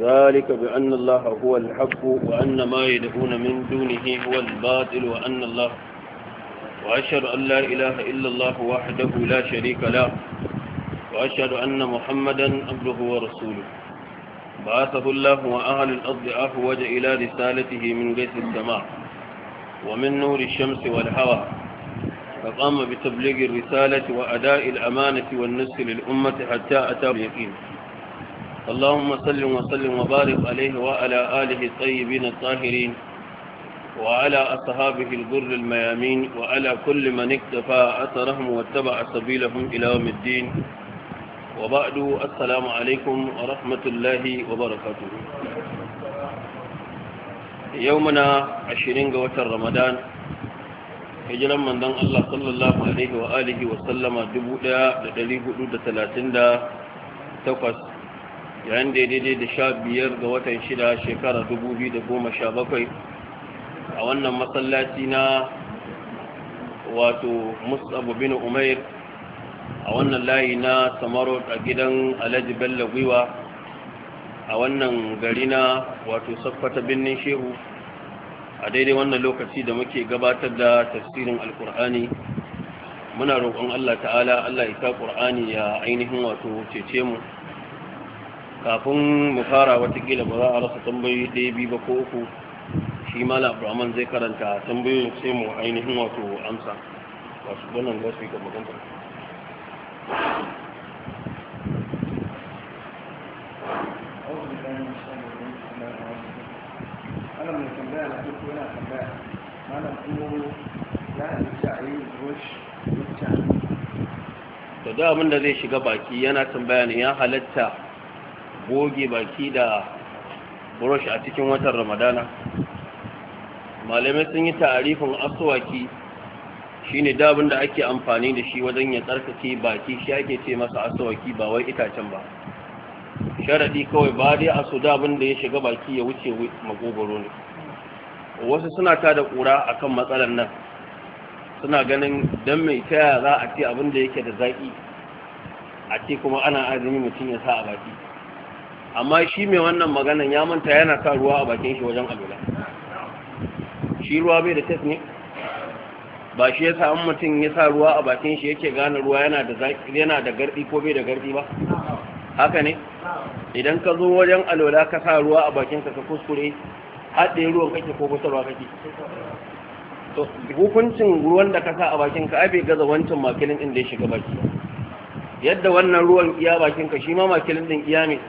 ذلك بأن الله هو الحق وأن ما يدعون من دونه هو الباطل وأن الله وأشهد أن لا إله إلا الله وحده لا شريك له وأشهد أن محمدا عبده ورسوله بعثه الله وأهل الأرض أهوج إلى رسالته من غيث السماء ومن نور الشمس والهوى فقام بتبليغ الرسالة وأداء الأمانة والنسل للأمة حتى أتى اليقين اللهم صل وسلم وبارك عليه وعلى آله الطيبين الطاهرين وعلى أصحابه الغر الميامين وعلى كل من اكتفى أثرهم واتبع سبيلهم إلى يوم الدين وبعد السلام عليكم ورحمة الله وبركاته يومنا عشرين قوات رمضان هجرا من الله صلى الله عليه وآله وسلم alaihi wa alihi ثلاثين دا توقف yayin da daidai da sha biyar ga watan shida shekara dubu biyu da goma sha bakwai a wannan masallaci na wato musabu bin umair a wannan layi na samaro a gidan alhaji bello gwiwa a wannan gari na wato saffata birnin shehu a daidai wannan lokaci da muke gabatar da tafsirin alkur'ani muna roƙon allah ta'ala allah ya ta ƙur'ani ya ainihin wato cece mu kafin mu fara watakila ba za a rasa tambayoyi ɗaya biyu ba ko uku shi mala abraman zai karanta tambayoyin sai mu ainihin wato amsa wasu su yi gaba gaba duk yi da da abin da zai shiga baki yana tambaya ne ya halatta goge baki da brush a cikin watan ramadana malamai sun yi tarifin aswaki shine dabin da ake amfani da shi wajen ya tsarkake baki shi ake ce masa aswaki ba wai itacen ba sharadi kawai ba dai a su dabin da ya shiga baki ya wuce magogoro ne wasu suna ta da ƙura a kan matsalar nan suna ganin don mai taya za a ce abin da yake da zaƙi a ce kuma ana azumi mutum ya sa a baki amma shi mai wannan maganan ya manta yana sa ruwa a bakin shi wajen alwala shi ruwa bai da test ne ba shi yasa an mutum ya sa ruwa a bakin shi yake gane ruwa yana da yana da gardi ko bai da gardi ba haka ne idan ka zo wajen alwala ka sa ruwa a bakin ka ka kuskure haɗe ruwan kake ko kusurwa kake to hukuncin ruwan da ka sa a bakin ka bai gaza wancan makilin din da ya shiga baki yadda wannan ruwan iya bakin ka shi ma makilin din iya ne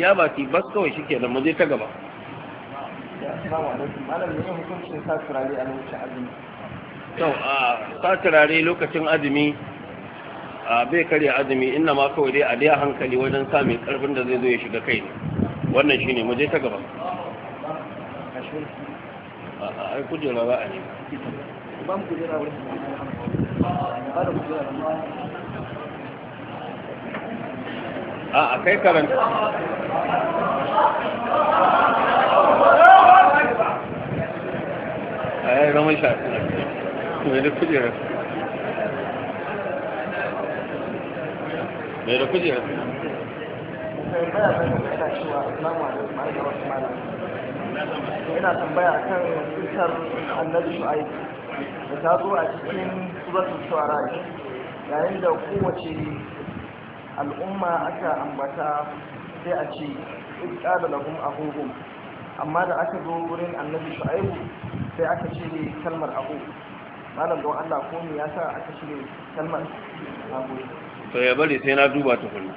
ya ba ki bas kawai shi kenan mu je ta gaba to a sa turare lokacin azumi a bai karya azumi inna ma kawai dai a dai hankali wajen samun karfin da zai zo ya shiga kai ne wannan shine mu je ta gaba ai kujera ba a ne ba mu kujera wurin ba da kujera a kai karanta a yi zama shafi mai da kujerar da yana tambaya kan cutar annabi shu'aib da ta zo a cikin suratul shu'ara yayin da kowace al'umma aka ambata sai a ce iska da lagun ahuhum amma da aka zo wurin annabi shu'aibu sai aka ne kalmar abu malam don allah ko me yasa aka ce kalmar abu to ya bari sai na duba tukunna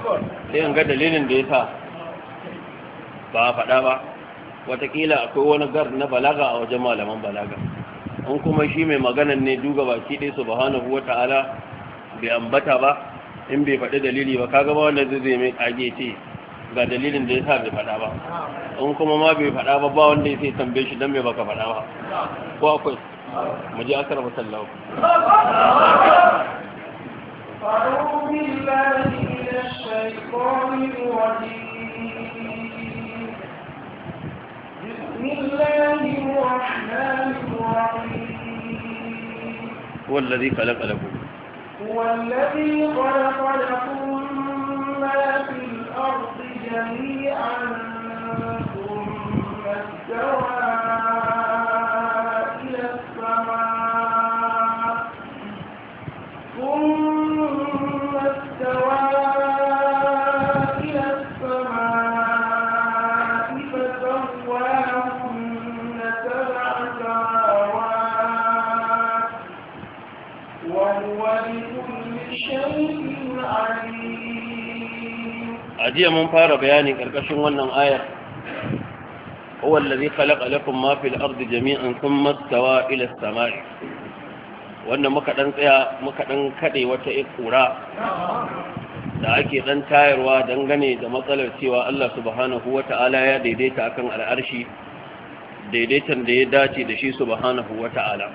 sai in ga dalilin da ya sa ba a faɗa ba watakila akwai wani gar na balaga a wajen malaman balaga in kuma shi mai magana ne duga baki ɗaya su subhanahu ta'ala bai ambata ba in bai faɗi dalili ba kaga ba wanda zai mai kage ga dalilin da ya sa bai faɗa ba in kuma ma bai faɗa ba ba wanda ya sai tambaye shi dan bai baka faɗa ba ko akwai mu ji akara musallahu أعوذ بالله من هو الذي خلق لكم هو الذي خلق لكم ما في الأرض جميعا ثم استوى a jiya mun fara bayani karkashin wannan ayar huwa allazi khalaqa lakum ma fil ardi jami'an thumma istawa ila as-sama'i muka dan tsaya muka dan kade wata ikura da ake dan tayarwa dangane da matsalar cewa Allah subhanahu wata'ala ya daidaita akan al'arshi daidaitan da ya dace da shi subhanahu wata'ala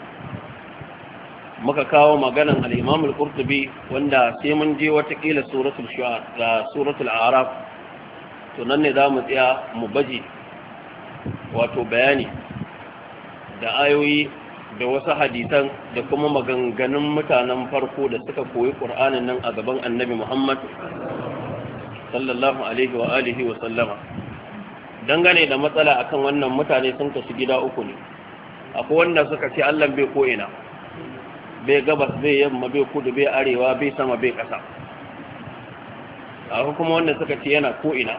muka kawo maganan al-Imam wanda sai mun je watakila suratul shu'ara da suratul a'raf to nan ne zamu tsaya mu baje wato bayani da ayoyi da wasu hadisan da kuma maganganun mutanen farko da suka koyi Qur'anin nan a gaban Annabi Muhammad sallallahu alaihi wa alihi wa sallama dangane da matsala akan wannan mutane sun kasu gida uku ne akwai wanda suka ce Allah bai ko ina bai gabas bai yamma bai kudu bai arewa bai sama bai ƙasa a kuma wanda suka ce yana ko'ina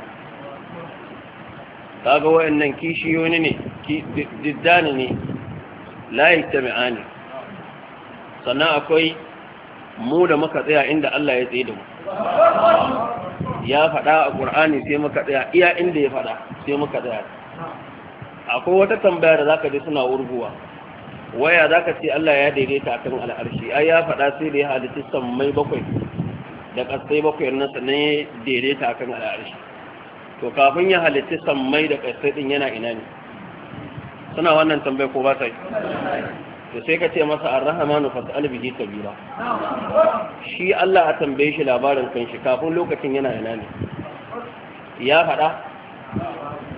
ga wayannan kishiyoyi ne diddani ne layi jami'a ne sannan akwai mu da muka tsaya inda Allah ya tsaye da mu ya faɗa a ƙur'ani sai muka tsaya iya inda ya faɗa sai muka tsaya akwai wata tambaya da za ka ji suna wurguwa waya za ka ce Allah ya daidaita akan al'arshi ai ya faɗa sai da ya halitta sammai bakwai da ƙasai bakwai nan sannan ya daidaita akan al'arshi to kafin ya halitta sammai da ƙasai din yana ina ne suna wannan tambayar ko ba ta yi to sai ka ce masa ar-rahmanu fas'al bihi sabila shi Allah a tambaye shi labarin kanshi kafin lokacin yana ina ne ya faɗa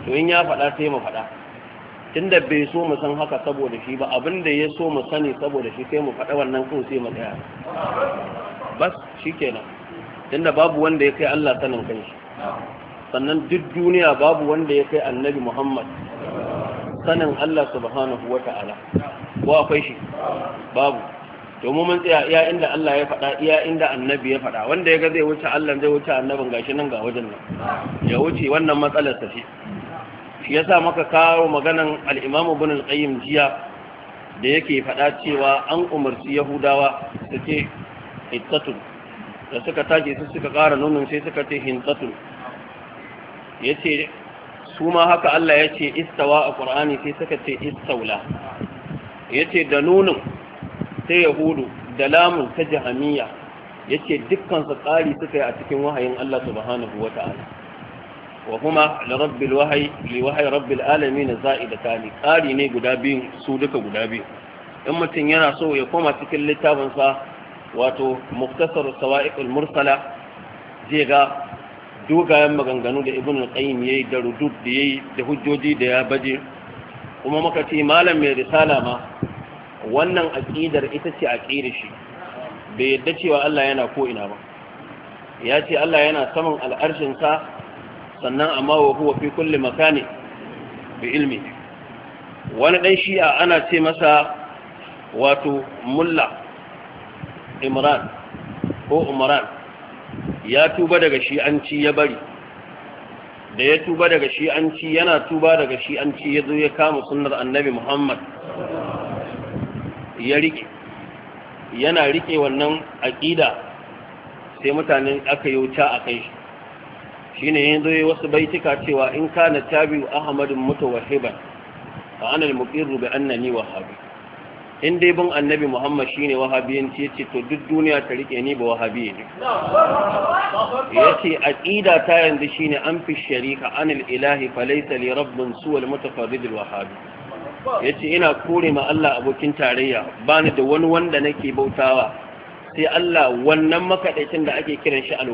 to in ya faɗa sai mu faɗa tunda bai so mu san haka saboda shi ba abin da ya so mu sani saboda shi sai mu faɗa wannan kun sai mu tsaya bas shi kenan, tunda babu wanda ya kai Allah sanin kanshi sannan duk duniya babu wanda ya kai annabi Muhammad sanin Allah subhanahu wa ta'ala ko akwai shi babu to mu mun tsaya iya inda Allah ya faɗa iya inda annabi ya faɗa wanda ya ga zai wuce Allah zai wuce annabin gashi nan ga wajen nan ya wuce wannan matsalar ta shi. shi yasa maka kawo maganan al-Imam Ibn jiya da yake faɗa cewa an umarci Yahudawa su ce hittatun da suka tashi su suka ƙara nunin sai suka ce hintatun yace su ma haka Allah ya ce istawa a Qur'ani sai suka ce istaula ce da nunin sai Yahudu da lamun ta jahamiya yace dukkan su tsari suka yi a cikin wahayin Allah subhanahu wata'ala وهما لرب الوحي لوحي رب العالمين ثاني قاري ne guda بين su duka guda بين ان mutum yana so ya koma cikin littafin sa wato muktasar sawa'iq mursala zai ga dogayen maganganu da ibn al-qayyim yayi da rudud da yayi da hujjoji da ya baje kuma muka ce malam mai risala ma wannan aqidar ita ce aqidar shi bai yadda cewa Allah yana ko ina ba ya ce Allah yana saman al'arshin sannan amma wa huwa fi kulli makani bi ilmi wani dan shi'a ana ce masa wato mulla imran ko umran ya tuba daga shi'anci ya bari da ya tuba daga shi'anci yana tuba daga shi'anci ya zo ya kama sunnar annabi muhammad ya rike yana rike wannan aƙida sai mutane aka yi wuta a kai shi shine yanzu zoye wasu baitika cewa in kana tabi'u ahmadun mutawahhiban fa ana al-muqirru bi annani wahhabi in dai bin annabi muhammad shine wahabiyanci ce to duk duniya ta rike ni ba wahabi ne a ƙida ta yanzu shine an fi sharika anil ilahi falaysa li rabbin suwa al-mutafarrid Ya ce yace ina kore ma Allah abokin tarayya bani da wani wanda nake bautawa sai Allah wannan makaɗaicin da ake kiran shi al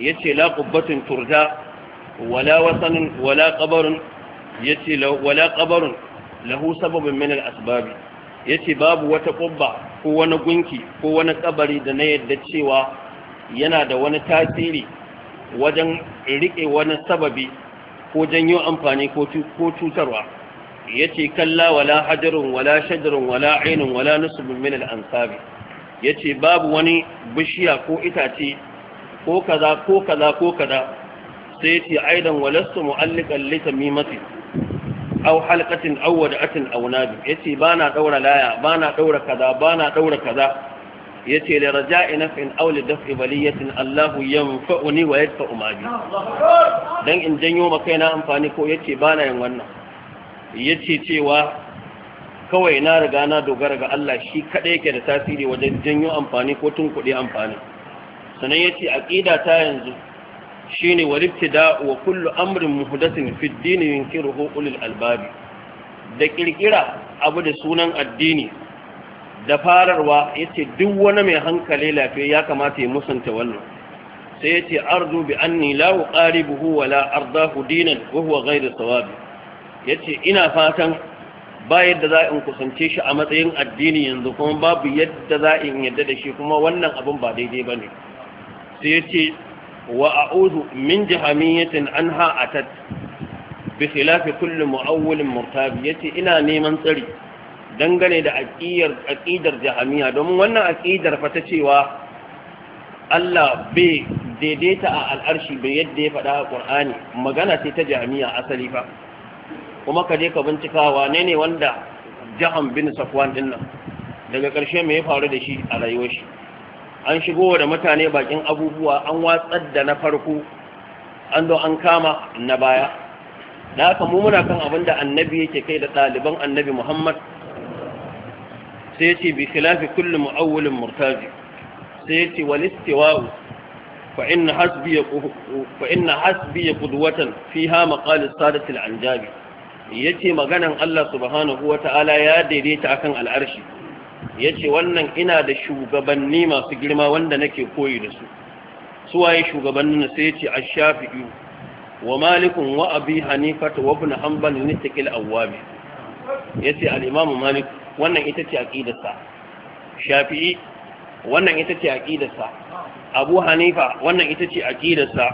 yace la Turda turja wala wasanun wala qabarun yace wala lahu sababun min al-asbab yace babu wata qubba ko wani gunki ko wani kabari da na yadda cewa yana da wani tasiri wajen riƙe wani sababi ko janyo amfani ko cutarwa yace kalla wala hajarun wala shajarun wala ainun wala nusbun min al-ansabi yace babu wani bishiya ko itace ko kaza ko kaza ko kaza sai ya ce aidan walastu mu'alliqan li tamimati aw halqatin aw wada'atin aw nabi yace bana ɗaura laya bana ɗaura kaza bana ɗaura kaza Ya ce, yace li raja'i naf'in aw li daf'i baliyatin Allahu yanfa'uni wa fa'u ma bi dan in janyo ma kaina amfani ko ya yace bana yin wannan Ya ce cewa kawai na riga na dogara ga Allah shi kaɗai yake da tasiri wajen janyo amfani ko tun kuɗi amfani sannan ya ce aƙida ta yanzu shi ne da wa kullu amrin muhdasin fi dini albabi da ƙirƙira abu da sunan addini da fararwa ya ce duk wani mai hankali lafiya ya kamata ya musanta wannan sai ya ce arzu bi anni la uqaribuhu wa la ardahu dinan wa huwa da sawabi ya ce ina fatan ba yadda za in kusance shi a matsayin addini yanzu kuma babu yadda za in yadda da shi kuma wannan abin ba daidai ba ne sai ya ce wa a'udhu min jahamiyatin anha atat bi khilafi kulli mu'awwilin murtab yace ina neman tsari dangane da aƙidar jihamiya. domin wannan aƙidar fa ta cewa Allah bai daidaita a al'arshi bai yadda ya faɗa a ƙur'ani, magana ce ta jihamiya asali fa kuma ka je ka bincika wane ne wanda jahan bin safwan din nan daga ƙarshe mai ya faru da shi a rayuwar shi an shigo da mutane bakin abubuwa an watsar da na farko an zo an kama na baya da haka mu muna kan abin da annabi yake kai da ɗaliban annabi muhammad sai ce bi khilafi kulli mu'awwilin murtaji sai ce wal wawu. fa hasbi fa inna hasbi fiha maqal as-sadat al yace maganan Allah subhanahu wata'ala ya daidaita akan al'arshi ya ce wannan ina da shugabanni masu girma wanda nake koyi da su Su waye shugabannin sai ya ce a shafi'i wa malikun wa abi hanifata wa ibn hanbal ne al-awabi ya ce imamu malik wannan ita ce aƙidarsa shafi'i wannan ita ce aƙidarsa abu hanifa wannan ita ce aƙidarsa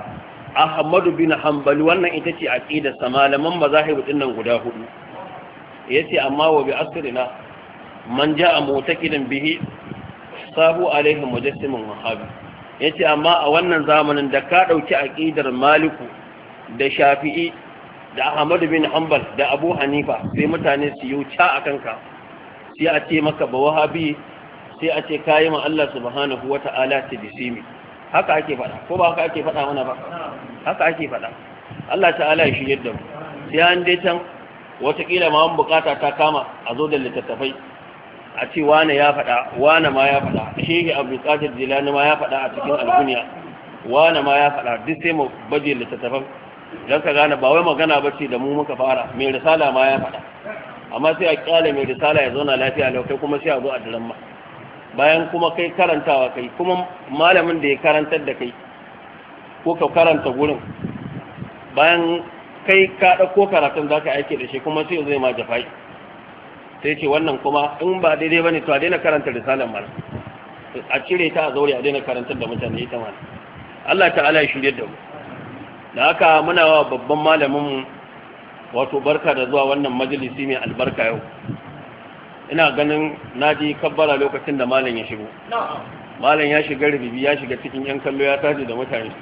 ahmadu bin hanbal wannan ita ce aƙidarsa malaman mazahibu dinnan guda hudu ya ce amma wa bi asirina man ja a mutakidan bihi sabu alaihi mujassimin wahabi ya ce amma a wannan zamanin da ka ɗauki aqidar maliku da shafi'i da ahmadu bin hanbal da abu hanifa sai mutane su yi ca a kanka sai a ce maka ba wahabi sai a ce kayi ma Allah subhanahu wataala ta'ala ta disimi haka ake faɗa ko ba haka ake faɗa mana ba haka ake faɗa Allah ta'ala ya shirye da mu sai an dai can kila ma mun bukata ta kama a zo da littattafai a ce wane ya faɗa wane ma ya faɗa shehi abu qadir jilani ma ya faɗa a cikin algunya wane ma ya faɗa duk sai mu baje littattafan dan ka gane ba wai magana ba ce da mu muka fara mai risala ma ya faɗa amma sai a kyale mai risala ya zauna lafiya lau kai kuma sai a zo a daren ma bayan kuma kai karantawa kai kuma malamin da ya karantar da kai ko ka karanta gurin bayan kai ka dauko karatun za ka da shi kuma sai zai ma jafai sai ce wannan kuma in ba daidai bane to a daina karanta risalar mana a cire ta a zaure a daina karantar da mutane ita mana Allah ta'ala ya shirye da mu da haka muna wa babban malamin mu wato barka da zuwa wannan majalisi mai albarka yau ina ganin naji kabbara lokacin da malam ya shigo malam ya shiga rububi ya shiga cikin yan kallo ya tashi da mutane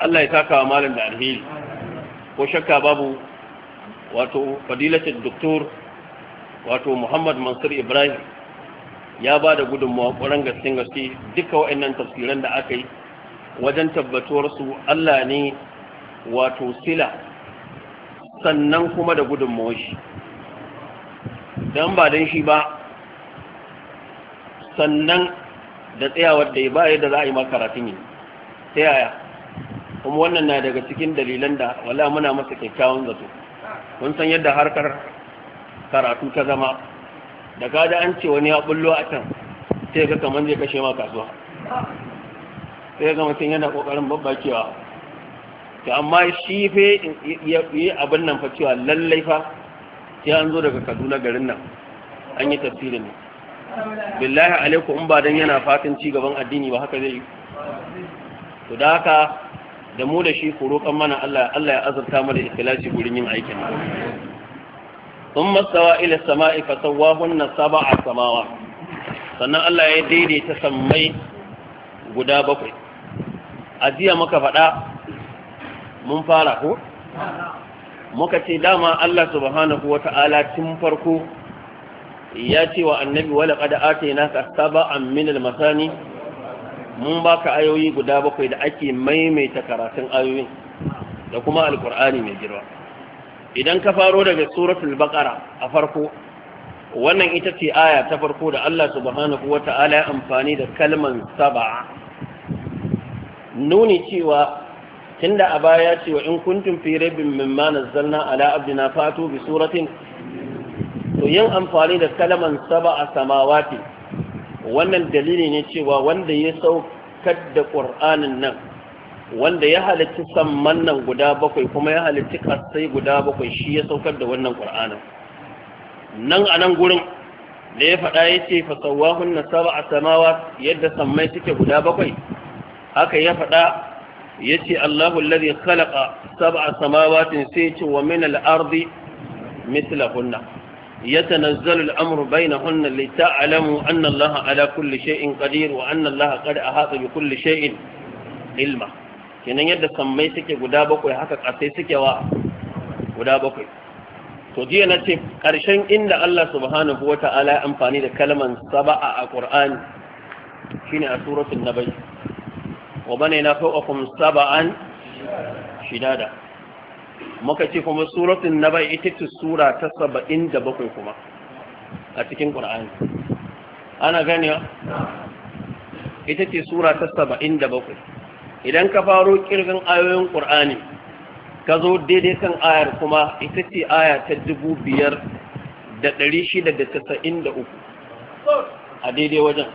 Allah ya taka wa malam da alheri ko shakka babu wato fadilatul doktor wato muhammad mansur ibrahim ya ba da gudunmawa ƙwarar gaske gaske duka wa'annan tafsiran da aka yi wajen su allah ne wato sila sannan kuma da gudunmawa shi don ba don shi ba sannan da tsayawar da ya ba da za a yi makaratun yi ta yaya kuma wannan na daga cikin dalilan da wala muna masa kyakkyawan zato kun san yadda harkar karatu ta zama da gada an ce wani ya bullo a can sai ga kamar zai kashe ma kasuwa sai ga mutum yana kokarin cewa to amma shi fe yi abin nan fa cewa lallai fa sai an zo daga Kaduna garin nan an yi tafsirin ne billahi alaikum ba dan yana fatan ci gaban addini ba haka zai yi to da haka da mu da shi ku roƙon mana Allah Allah ya azurta mu da ikhlasi gurin yin aikin nan thumma sawa ila samai fa sawahunna sab'a samawa sannan Allah ya daidaita sammai guda bakwai a jiya muka faɗa mun fara ko muka ce dama Allah subhanahu wa ta'ala tun farko ya ce wa annabi wala qad atainaka sab'an min al-masani mun baka ayoyi guda bakwai da ake maimaita karatun ayoyin da kuma alkur'ani mai girma idan ka faro daga suratul baqara a farko wannan ita ce aya ta farko da Allah subhanahu wata'ala ya amfani da kalman saba. nuni cewa tunda a baya cewa in kuntum fi rabbin mimma nazzalna ala abdina fatu bi suratin to yin amfani da kalman saba samawati wannan dalili ne cewa wanda ya saukar da ƙur'anin nan wanda ya halitta samman nan guda bakwai kuma ya halitta ƙasai guda bakwai shi ya saukar da wannan ƙur'anin nan a nan gurin da ya faɗa ya ce fasawahun na saba a samawa yadda sammai suke guda bakwai haka ya faɗa ya ce allahu lari khalaka saba a samawatin sai ce wa min al'ardi mislahunna يتنزل الأمر بينهن لتعلموا أن الله على كل شيء قدير وأن الله قد أحاط بكل شيء علما kenan yadda sammai suke guda bakwai haka ƙasai suke wa guda bakwai to jiya na ce ƙarshen inda Allah subhanahu wa ta'ala ya amfani da kalman saba'a a Qur'ani shine a suratul nabai wa bane na fawqakum saba'an shidada muka ce kuma suratun na bai ita ce sura ta saba'in da bakwai kuma a cikin ƙur'ani ana gani ita ce sura ta saba'in da bakwai idan ka faro ƙirgin ayoyin ƙur'ani ka zo daidai kan ayar kuma ita ce aya ta dubu biyar da ɗari shida da tasa'in da uku a daidai wajen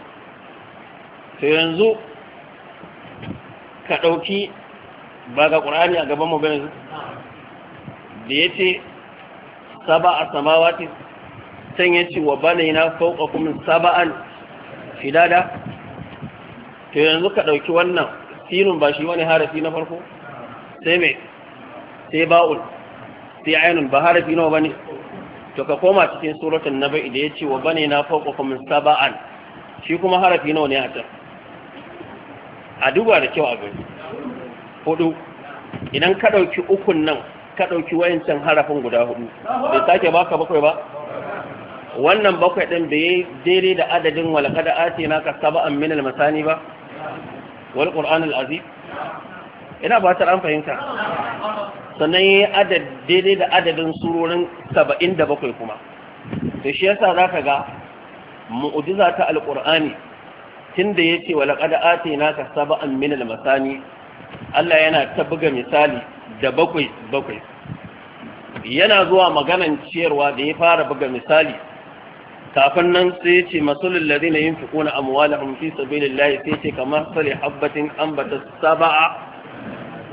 to yanzu ka ɗauki ba ga ƙur'ani a gaban mu ba yanzu da ya ce saba a samawati can ya ce wa bane na fauka kuma saba'an fidada to yanzu ka ɗauki wannan sinin ba shi wani harafi na farko sai mai sai ba'ul sai ainihin ba harafi nawa ba ne to ka koma cikin suratun na bai da ya ce wa bane na fauka kuma saba'an shi kuma harafi nawa ne a can a duba da kyau a gani hudu idan ka ɗauki ukun nan ka ɗauki wayancin harafin guda hudu bai sake baka bakwai ba wannan bakwai ɗin bai daidai da adadin walakada ati na ka saba an minal masani ba wal qur'an al aziz ina ba an fahimta sannan yi adad daidai da adadin surorin saba'in da bakwai kuma da shi yasa za ka ga mu'ujiza ta alƙur'ani tun da ya ce wa ati na ka saba an minal masani Allah yana ta buga misali da bakwai bakwai yana zuwa maganan ciyarwa da ya fara buga misali kafin nan sai ya ce masulun na yin fi kuna amuwala fi sabilillahi sai ce kamar tsari habbatin ambata saba'a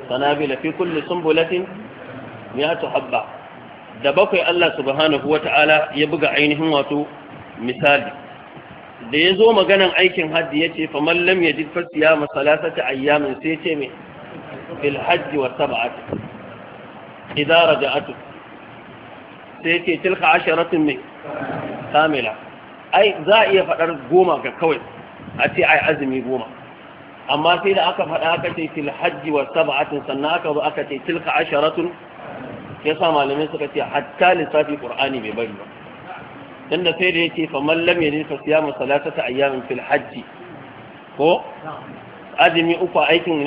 sanabila fi sun bulatin ya habba da bakwai Allah subhanahu wa ta'ala ya buga ainihin wato misali da ya zo maganan aikin haddi ya ce famallam ya siya fasiya ta ayyamin sai ce mai fil hajji wa sab'ati idza raja'atu sai ce tilka asharatun min kamila ai za a iya faɗar goma ga kawai a ce ai azumi goma amma sai da aka faɗa aka ce fil hajji wa sab'atin sannan aka zo aka ce tilka asharatun yasa malamai suka ce hatta lissafi qur'ani bai bari ba tunda sai da yake fa man lam yajid fa siyamu salasata ayyamin fil ko azumi uku aikin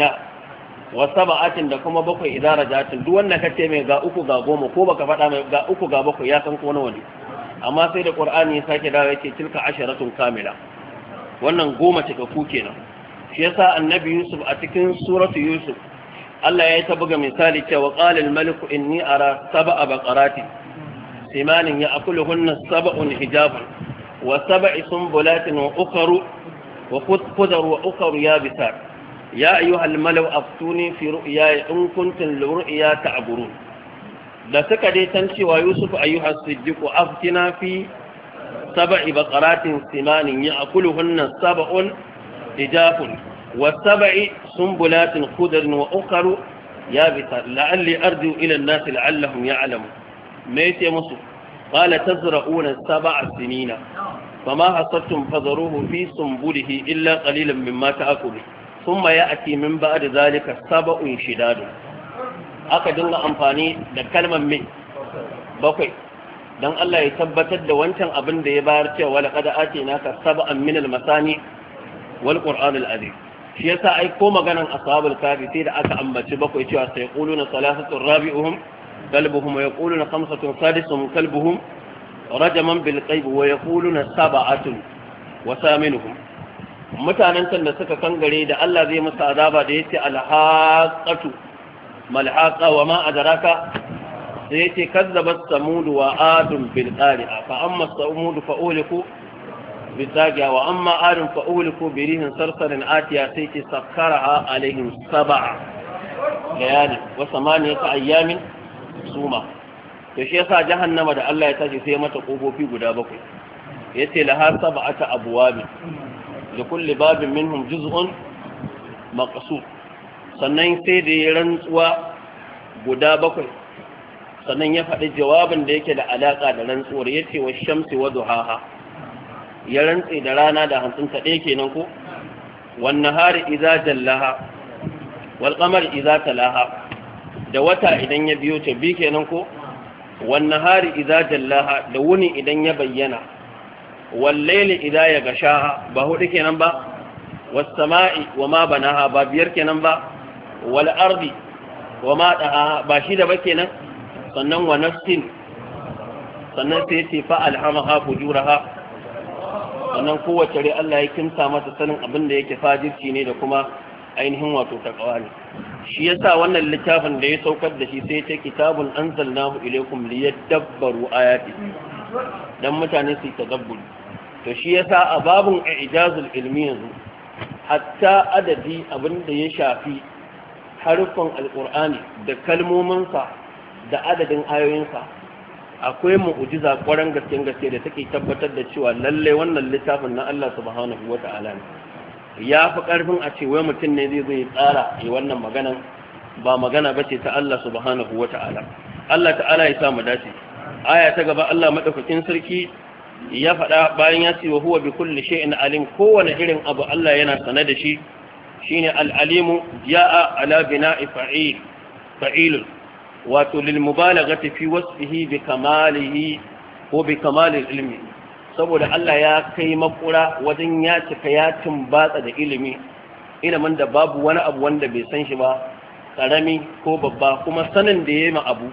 wa saba'atin da kuma bakwai idan rajatin duk wanda ka ce mai ga uku ga goma ko baka faɗa mai ga uku ga bakwai ya san ko nawa ne amma sai da qur'ani ya sake dawo yace tilka asharatun kamila wannan goma cikakku kenan shi yasa annabi yusuf a cikin suratu yusuf Allah ya ta buga misali cewa qala al-malik inni ara sab'a baqarati simanin ya'kuluhunna sab'un hijaban wa sab'i sunbulatin wa ukhra wa khudhar wa ukhra yabisat ya ayyuhal malau aftuni fi ru'yaya in kuntum liru'ya ta'burun da suka dai tan cewa yusuf ayyuhas siddiq aftina fi sab'i baqaratin simanin ya'kuluhunna sab'un ijafun wa sab'i sumbulatin khudrin wa ukharu yabita la'alli arju ila an-nas la'allahum ya'lamun me yace musu qala tazra'una sab'a sinina fama hasattum fadharuhu fi sumbulihi illa qalilan mimma ta'kulun ثم يأتي من بعد ذلك سبع شداد aka dinga amfani da kalmar min bakwai don Allah ya tabbatar da wancan abin da ya bayar cewa wala kada ake naka saba'an min al-masani wal qur'an al shi yasa ai ko maganan ashabul kafi sai da aka ambaci bakwai cewa sai quluna salasatu rabi'uhum kalbuhum wa yaquluna khamsatun sadisuhum kalbuhum rajaman bil qayb wa yaquluna sab'atun wa saminuhum mutanen can da suka kangare da Allah zai musu azaba da yace alhaqatu malhaqa wa ma adraka sai yace kazzabat samud wa adun bil qari'a fa amma samud fa uliku bisagiya wa amma adun fa uliku bi rihin sarsarin atiya sai yace sakkaraha alaihim sab'a layali wa samaniyata ayyamin suma to shi yasa jahannama da Allah ya tashi sai mata kofofi guda bakwai yace laha sab'ata abwabi likulli babin minhum juz'un maqsud sannan sai da ya rantsuwa guda bakwai sannan ya faɗi jawabin da yake da alaƙa da rantsuwar ya ce wa shamsi wa duhaha ya rantse da rana da hantsin ta ɗaya kenan ko Wannan hari idza jallaha wal qamari idza talaha da wata idan ya biyo ta bi kenan ko Wannan hari idza jallaha da wuni idan ya bayyana wallaili idza ya gasha ba hudu kenan ba was sama'i wa ma banaha ba biyar kenan ba wal ardi wa ma daha ba shi da ba kenan sannan wa nafsin sannan sai ce fa alhamaha fujuraha sannan kowace rai Allah ya kimsa mata sanin abin da yake fajirci ne da kuma ainihin wato takawa ne shi yasa wannan littafin da ya saukar da shi sai ta kitabun anzalnahu ilaykum liyadabbaru ayati dan mutane su tadabburi to shi yasa a babun ijazul ilmi yanzu hatta adadi abinda ya shafi harufan alqur'ani da kalmominsa da adadin ayoyinsa akwai mu'jiza ƙwaron gaske gaske da take tabbatar da cewa lalle wannan littafin na Allah subhanahu wata'ala ne ya fi ƙarfin a ce wai mutum ne zai zai tsara yi wannan maganan ba magana bace ta Allah subhanahu wata'ala Allah ta'ala ya sa mu dace aya ta gaba Allah madaukakin sarki ya faɗa bayan ya ce wa huwa bi kulli shay'in alim kowane irin abu Allah yana sane da shi shine al-alimu ja'a ala bina'i fa'il fa'il wato lil mubalaghati fi wasfihi bi kamalihi ko bi kamalil ilmi saboda Allah ya kai makura wajen ya cika ya tumbatsa da ilimi ilimin da babu wani abu wanda bai san shi ba karami ko babba kuma sanin da yayi ma abu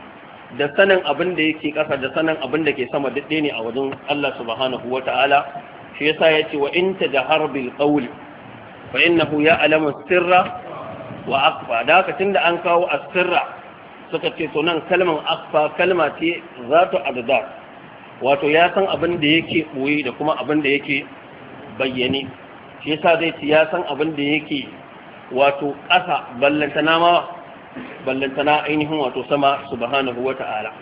da sanin abin da yake kasa da sanin abin da ke sama duk ne a wajen Allah subhanahu wa ta'ala shi yasa ya ce wa in ta jahar bil qawl fa innahu ya'lamu sirra wa akfa da haka an kawo asirra suka ce to nan kalmar akfa kalma ce zato adda wato ya san abin da yake boye da kuma abin da yake bayyane shi yasa zai ci ya san abin da yake wato ƙasa ballanta nama ballantana ainihin wato sama subhanahu wa ta'ala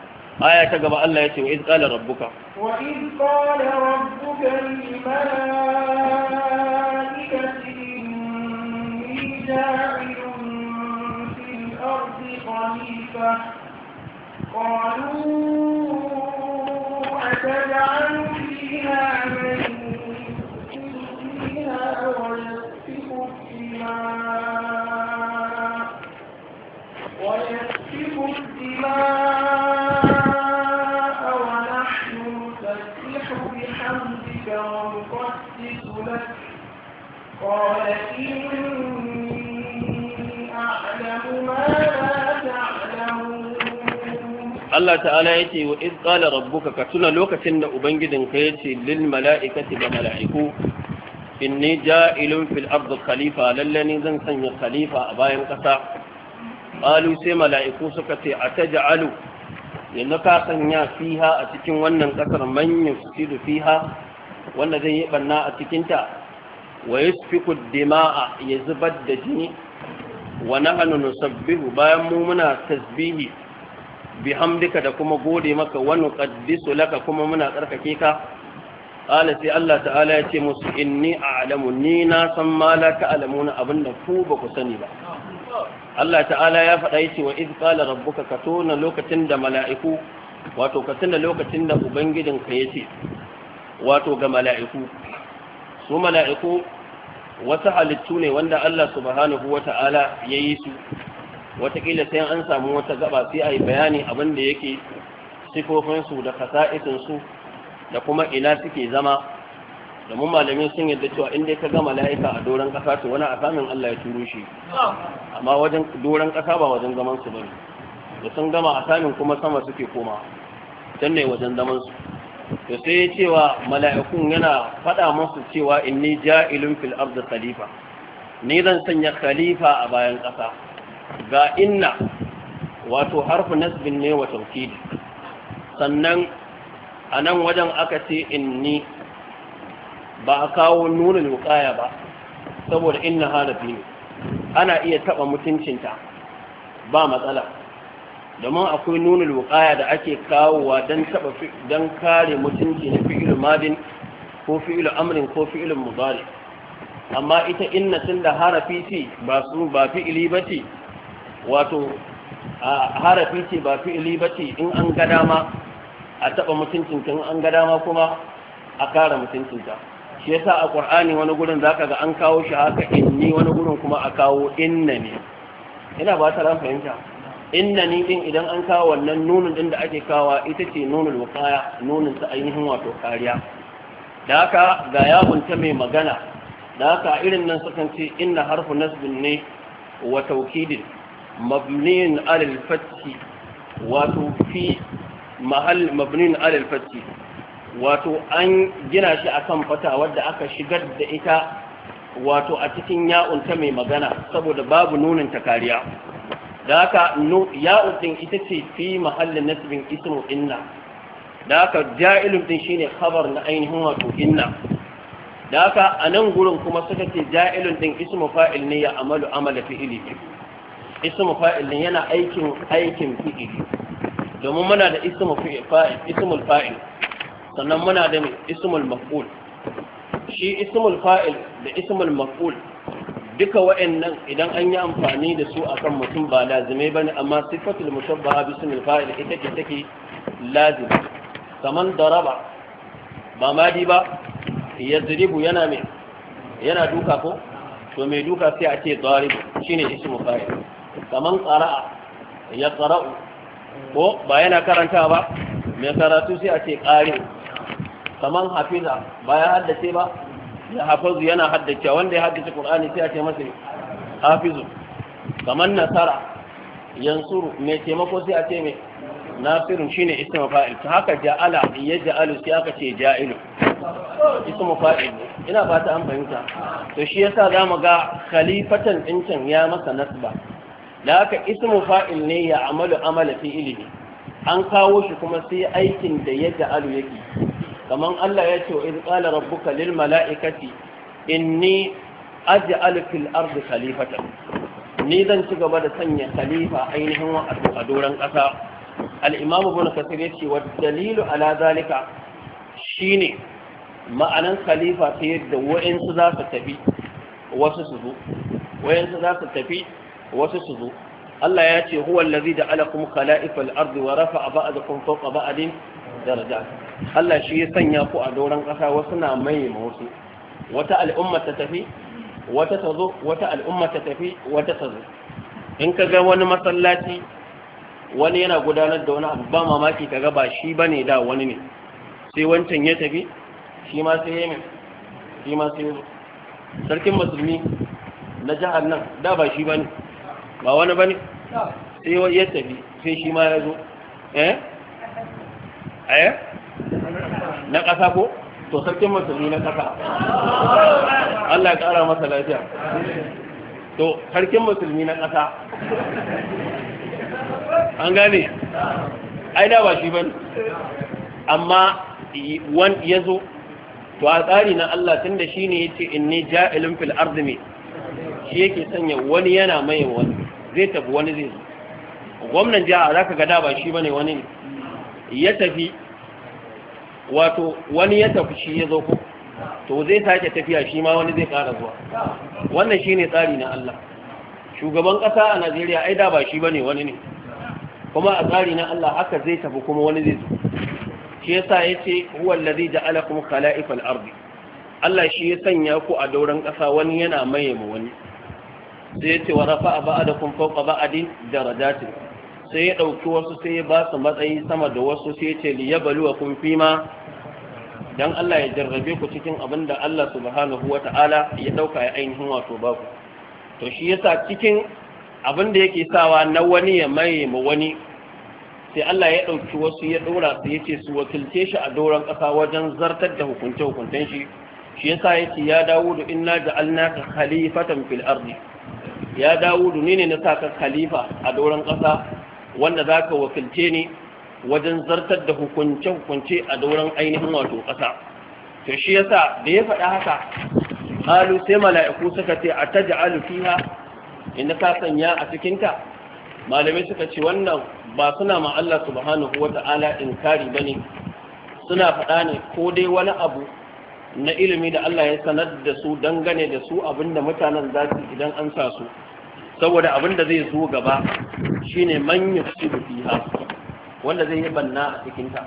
aya ta gaba Allah ya ce wa iz qala rabbuka wa iz qala rabbuka lil malaikati inni ja'ilun fil ardi khalifa qalu أتجعل فيها من فيها ويسفك الدماء ويسفك الدماء ونحن نسبح بحمدك ونقدس لك قال إني أعلم ما تعلمون الله تعالى يتي وإذ قال ربك كتنا لوكة إن أبنجد كيتي للملائكة بملائكو إني ja'ilun في الأرض khalifa lalle ni zan sanya khalifa a bayan qalu sai mala'iku suka ce ataj'alu yanzu ka sanya fiha a cikin wannan kasar manyan yusidu fiha wanda zai yi banna a cikin ta su fi dima'a ya zubar da jini wa nahnu sabbihu, bayan mu muna tasbihi bihamdika da kuma gode maka wa nuqaddisu laka kuma muna tsarkake ka qala sai Allah ta'ala ya ce musu inni a'lamu ni na san alamu na abin abinda ku ba ku sani ba Allah ta'ala ya faɗa yace wa iz qala rabbuka ka tona lokacin da mala'iku wato ka tuna lokacin da ubangijin ka yace wato ga mala'iku su mala'iku wasu halittu ne wanda Allah subhanahu ta'ala ya yi su watakila sai an samu wata gaba sai a yi bayani abin da yake sifofinsu da kasa'isinsu da kuma ina suke zama domin malamai sun yadda cewa in dai ka ga mala'ika a doron ƙasa to wani asamin Allah ya turo shi amma wajen doron ƙasa ba wajen zaman su bane da sun gama asamin kuma sama suke koma can ne wajen zaman su to sai ya cewa mala'ikun yana faɗa musu cewa inni ja'ilun fil ardi khalifa ni zan sanya khalifa a bayan ƙasa ga inna wato harfu nasbin ne wa tawkid sannan a nan wajen aka ce inni ba a kawo nuna lukaya ba saboda inna harafi ne ana iya taɓa mutuncinta ba matsala domin akwai nuna lukaya da ake kawowa don taɓa don kare mutunci na fi'il madin ko fi'ilu amrin ko fi'ilu mudari amma ita inna tun da harafi ce ba su ba fi'ili ba ce wato harafi ce ba fi'ili ba ce in an ga dama a taɓa mutuncinta in an ga dama kuma a kare mutuncinta shi yasa a qur'ani wani gurin zaka ga an kawo shi haka inni wani gurin kuma a kawo innani ina ba ta ran fahimta innani din idan an kawo wannan nunun din da ake kawa ita ce nunul wuqaya nunun ta ainihin wato kariya da haka ga yawon ta mai magana da haka irin nan sukan ce inna harfu nasbin ne wa tawkidin mabniin alal fathi wato fi mahall mabniin alal fathi wato an gina shi akan fata wadda aka shigar da ita wato a cikin ya'un ta mai magana saboda babu nunin ta kariya da haka ya'un din ita ce fi mahallin nasibin ismu inna da haka ja'ilun din shine khabar na ainihin wato inna da haka a nan gurin kuma suka ce ja'ilun din ismu fa'il ne ya amalu amala fi'ili ismu fa'il ne yana aikin aikin fi'ili domin muna da ismu fa'il ismul fa'il sannan muna da mai ismul maf'ul shi ismul fa'il da ismul maf'ul duka wa'annan idan an yi amfani da su akan mutum ba lazime ne amma sifatul mushabbaha bi ismul fa'il ita ce take lazim kaman daraba ba madi ba yadribu yana mai yana duka ko to mai duka sai a ce darib shine ismul fa'il kaman qara'a ya qara'u ko ba yana karanta ba mai karatu sai a ce ƙarin. kaman hafiza ba ya haddace ba ya hafazu yana haddace wanda ya haddace qur'ani sai a ce masa hafizu kaman nasara yansuru mai taimako sai a ce mai nasirun shine ismu fa'il To haka ja'ala ya ja'alu sai aka ce ja'ilu ismu fa'il ina fata an fahimta to shi yasa zamu ga khalifatan dincin ya masa nasba da haka ismu fa'il ne ya amalu amala fi ilimi an kawo shi kuma sai aikin da ya ja'alu yake kaman Allah ya ce wa in qala rabbuka lil mala'ikati inni aj'al fil ardi khalifatan ni zan ci gaba da sanya khalifa ainihin wa a doran kasa al-imam ibn kathir yace wa dalilu ala zalika shine ma'anan khalifa ta yadda wa'ansu za su tafi wasu su zo wa'ansu za su tafi wasu su zo Allah ya ce huwa allazi ja'alakum khala'ifal ardi wa rafa'a ba'dakum fawqa ba'din daraja Allah shi ya sanya ku a doron ƙasa wasu na mai wasu wata al'umma ta tafi wata ta zo wata al'umma ta tafi wata ta zo in ka ga wani masallaci wani yana gudanar da wani abu ba mamaki ka ga ba shi bane da wani ne sai wancan ya tafi shi ma sai ya min shi ma sai ya zo sarkin musulmi na jihar nan da ba shi ba ne ba wani ba ne sai ya tafi sai shi ma ya zo eh eh na ƙasa ko to sarkin musulmi na ƙasa Allah ya ƙara masa lafiya to sarkin musulmi na ƙasa an gane ai da ba shi ne. amma wan ya zo to a tsari na Allah tun da shi ne ya ce inni ja'ilin fil arzumi shi yake sanya wani yana mai wani zai tafi wani zai zo gwamnan jiha za ka gada ba shi bane wani ne ya tafi wato wani ya tafi shi ya zo ko to zai sake tafiya shi ma wani zai ƙara zuwa wannan shi ne tsari na Allah shugaban ƙasa a Najeriya ai da ba shi ba ne wani ne kuma a tsari na Allah haka zai tafi kuma wani zai zo shi yasa yace huwa allazi ja'alakum khala'ifal ardi Allah shi ya sanya ku a dauran ƙasa wani yana maye mu wani sai yace wa rafa'a ba'adakum fawqa ba'adin darajatin sai ya ɗauki wasu sai ya ba su matsayi sama da wasu sai ce li yabluwa kun fima Allah ya jarrabe ku cikin abin da Allah subhanahu Ta'ala ya ɗauka ya ainihin wato ba ku to shi sa cikin abin da yake sawa na wani ya maye ma wani sai Allah ya ɗauki wasu ya ɗora su ya ce su wakilce shi a doron ƙasa wajen zartar da hukunce hukuncen shi shi yasa ya ce ya dawo da inna ja'alnaka khalifatan fil ardi ya dawo ne ne na saka khalifa a doron ƙasa wanda za ka wakilce ni wajen zartar da hukunce-hukunce a dauran ainihin wato ƙasa to shi yasa da ya faɗa haka halu sai mala'iku suka ce a ta ja'alu fiha inda ka sanya a cikinta malamai suka ce wannan ba suna ma Allah subhanahu wata'ala ba ne. suna faɗa ne ko dai wani abu na ilimi da Allah ya sanar da su dangane da su abinda mutanen za su idan an sa su saboda abin da zai zo gaba shine manyan yufsidu fiha wanda zai yi banna a cikin ta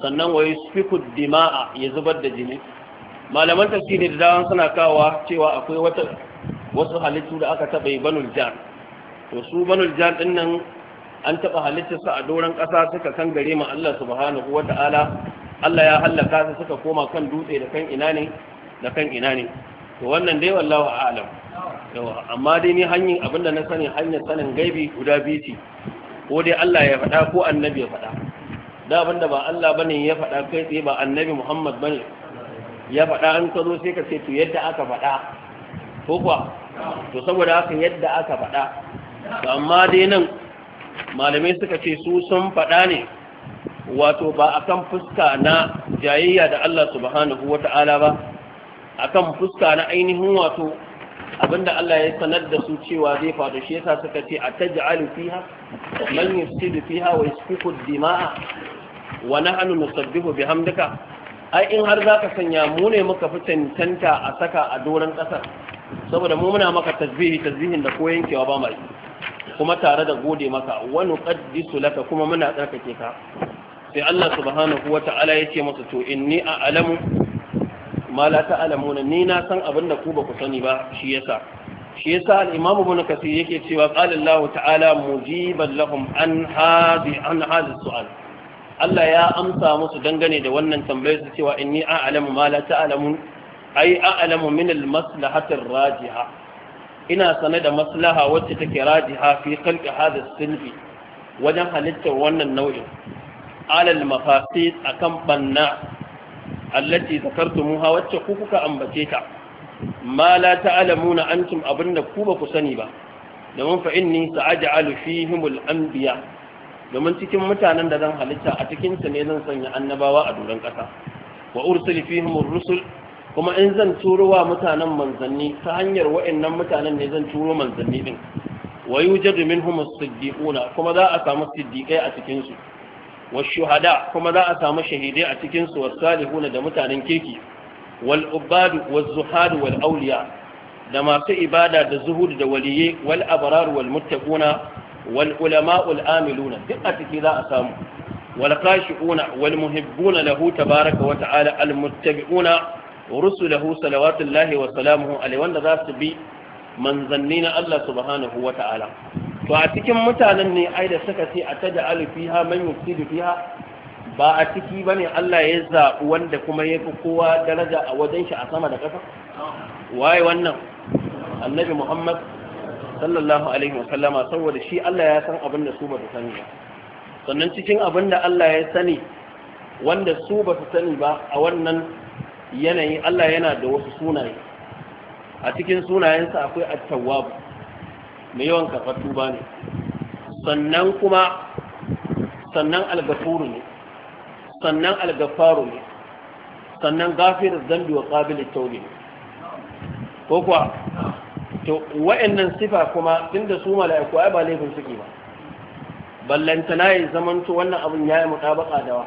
sannan wa yusfiku dima'a ya zubar da jini malaman tafsiri da dawan suna kawo cewa akwai wata wasu halittu da aka taba banul jan to su banul jan din nan an taba halittarsa a doron ƙasa suka kan gare mu Allah subhanahu wata'ala Allah ya hallaka su suka koma kan dutse da kan ina ne da kan ina ne to wannan dai wallahu a'lam yawa amma dai ni hanyar abinda na sani hanyar sanin gaibi guda biyu ko dai Allah ya faɗa ko annabi ya faɗa da abinda ba Allah bane ya faɗa kai tsaye ba annabi Muhammad bane ya faɗa an ka zo sai ka ce to yadda aka faɗa ko kuwa to saboda haka yadda aka faɗa to amma dai nan malamai suka ce su sun faɗa ne wato ba akan fuska na jayayya da Allah subhanahu wata'ala ba akan fuska na ainihin wato abinda Allah ya sanar da su cewa zai faru shi yasa suka ce ataj'alu fiha man yufsidu fiha wa yasfiku dimaa wa nahnu nusabbihu bihamdika ai in har zaka sanya mu ne muka fi tantanta a saka a doran kasar saboda mu muna maka tasbihi tasbihin da ko yankewa ba mai kuma tare da gode maka wa nuqaddisu laka kuma muna tsarkake ka sai Allah subhanahu ya yace masa to inni a'lamu ma la ta'lamuna ni na san abin da ku ba ku sani ba shi yasa shi yasa al-imam ibn kasir yake cewa qala Allah ta'ala mujiban lahum an an hadha su'al Allah ya amsa musu dangane da wannan tambayar su cewa inni a'lamu ma la ta'lamun ai a'lamu min al-maslahati rajiha ina sane da maslaha wacce take rajiha fi khalqi hadha as-silbi wajen halittar wannan nau'in alal mafasid akan banna allati zakartumuha wacce ku kuka ambace ta ma la ta'lamuna antum abinda ku ba ku sani ba domin fa inni sa'aj'alu fihim anbiya domin cikin mutanen da zan halitta a cikin su ne zan sanya annabawa a dodon kasa wa ursil fihim rusul kuma in zan turo wa mutanen manzanni ta hanyar wa'annan mutanen ne zan turo manzanni din wa yujadu minhum siddiquna kuma za a samu siddiqai a cikin su والشهداء كما ذا أسام شهيدي أتكنس والصالحون دمتان كيكي والعباد والزهاد والأولياء دما في إبادة الزهود دولي والأبرار والمتقون والعلماء الآملون دقة كذا أسام والقاشعون والمهبون له تبارك وتعالى المتبعون رسله صلوات الله وسلامه عليه وأن ذا سبي من ظنين الله سبحانه وتعالى to a cikin mutanen ne ai da suka ce a tada alifiha man yufsidu fiha ba a ciki bane Allah ya zaɓi wanda kuma ya fi kowa daraja a wajen shi a sama da ƙasa waye wannan annabi Muhammad sallallahu alaihi wa sallama saboda shi Allah ya san abin da su ba su sani ba sannan cikin abin da Allah ya sani wanda su ba su sani ba a wannan yanayi Allah yana da wasu sunaye a cikin sunayensa akwai at-tawwab mai yawan karfar tuba ne sannan kuma sannan algafuru ne sannan algafaru ne sannan gafir zambi wa ƙabilin tauri ne ko kuwa to wa'annan sifa kuma tunda su mala'iku ai ba laifin suke ba ballantana ya zamanto wannan abun yayi mutabaka da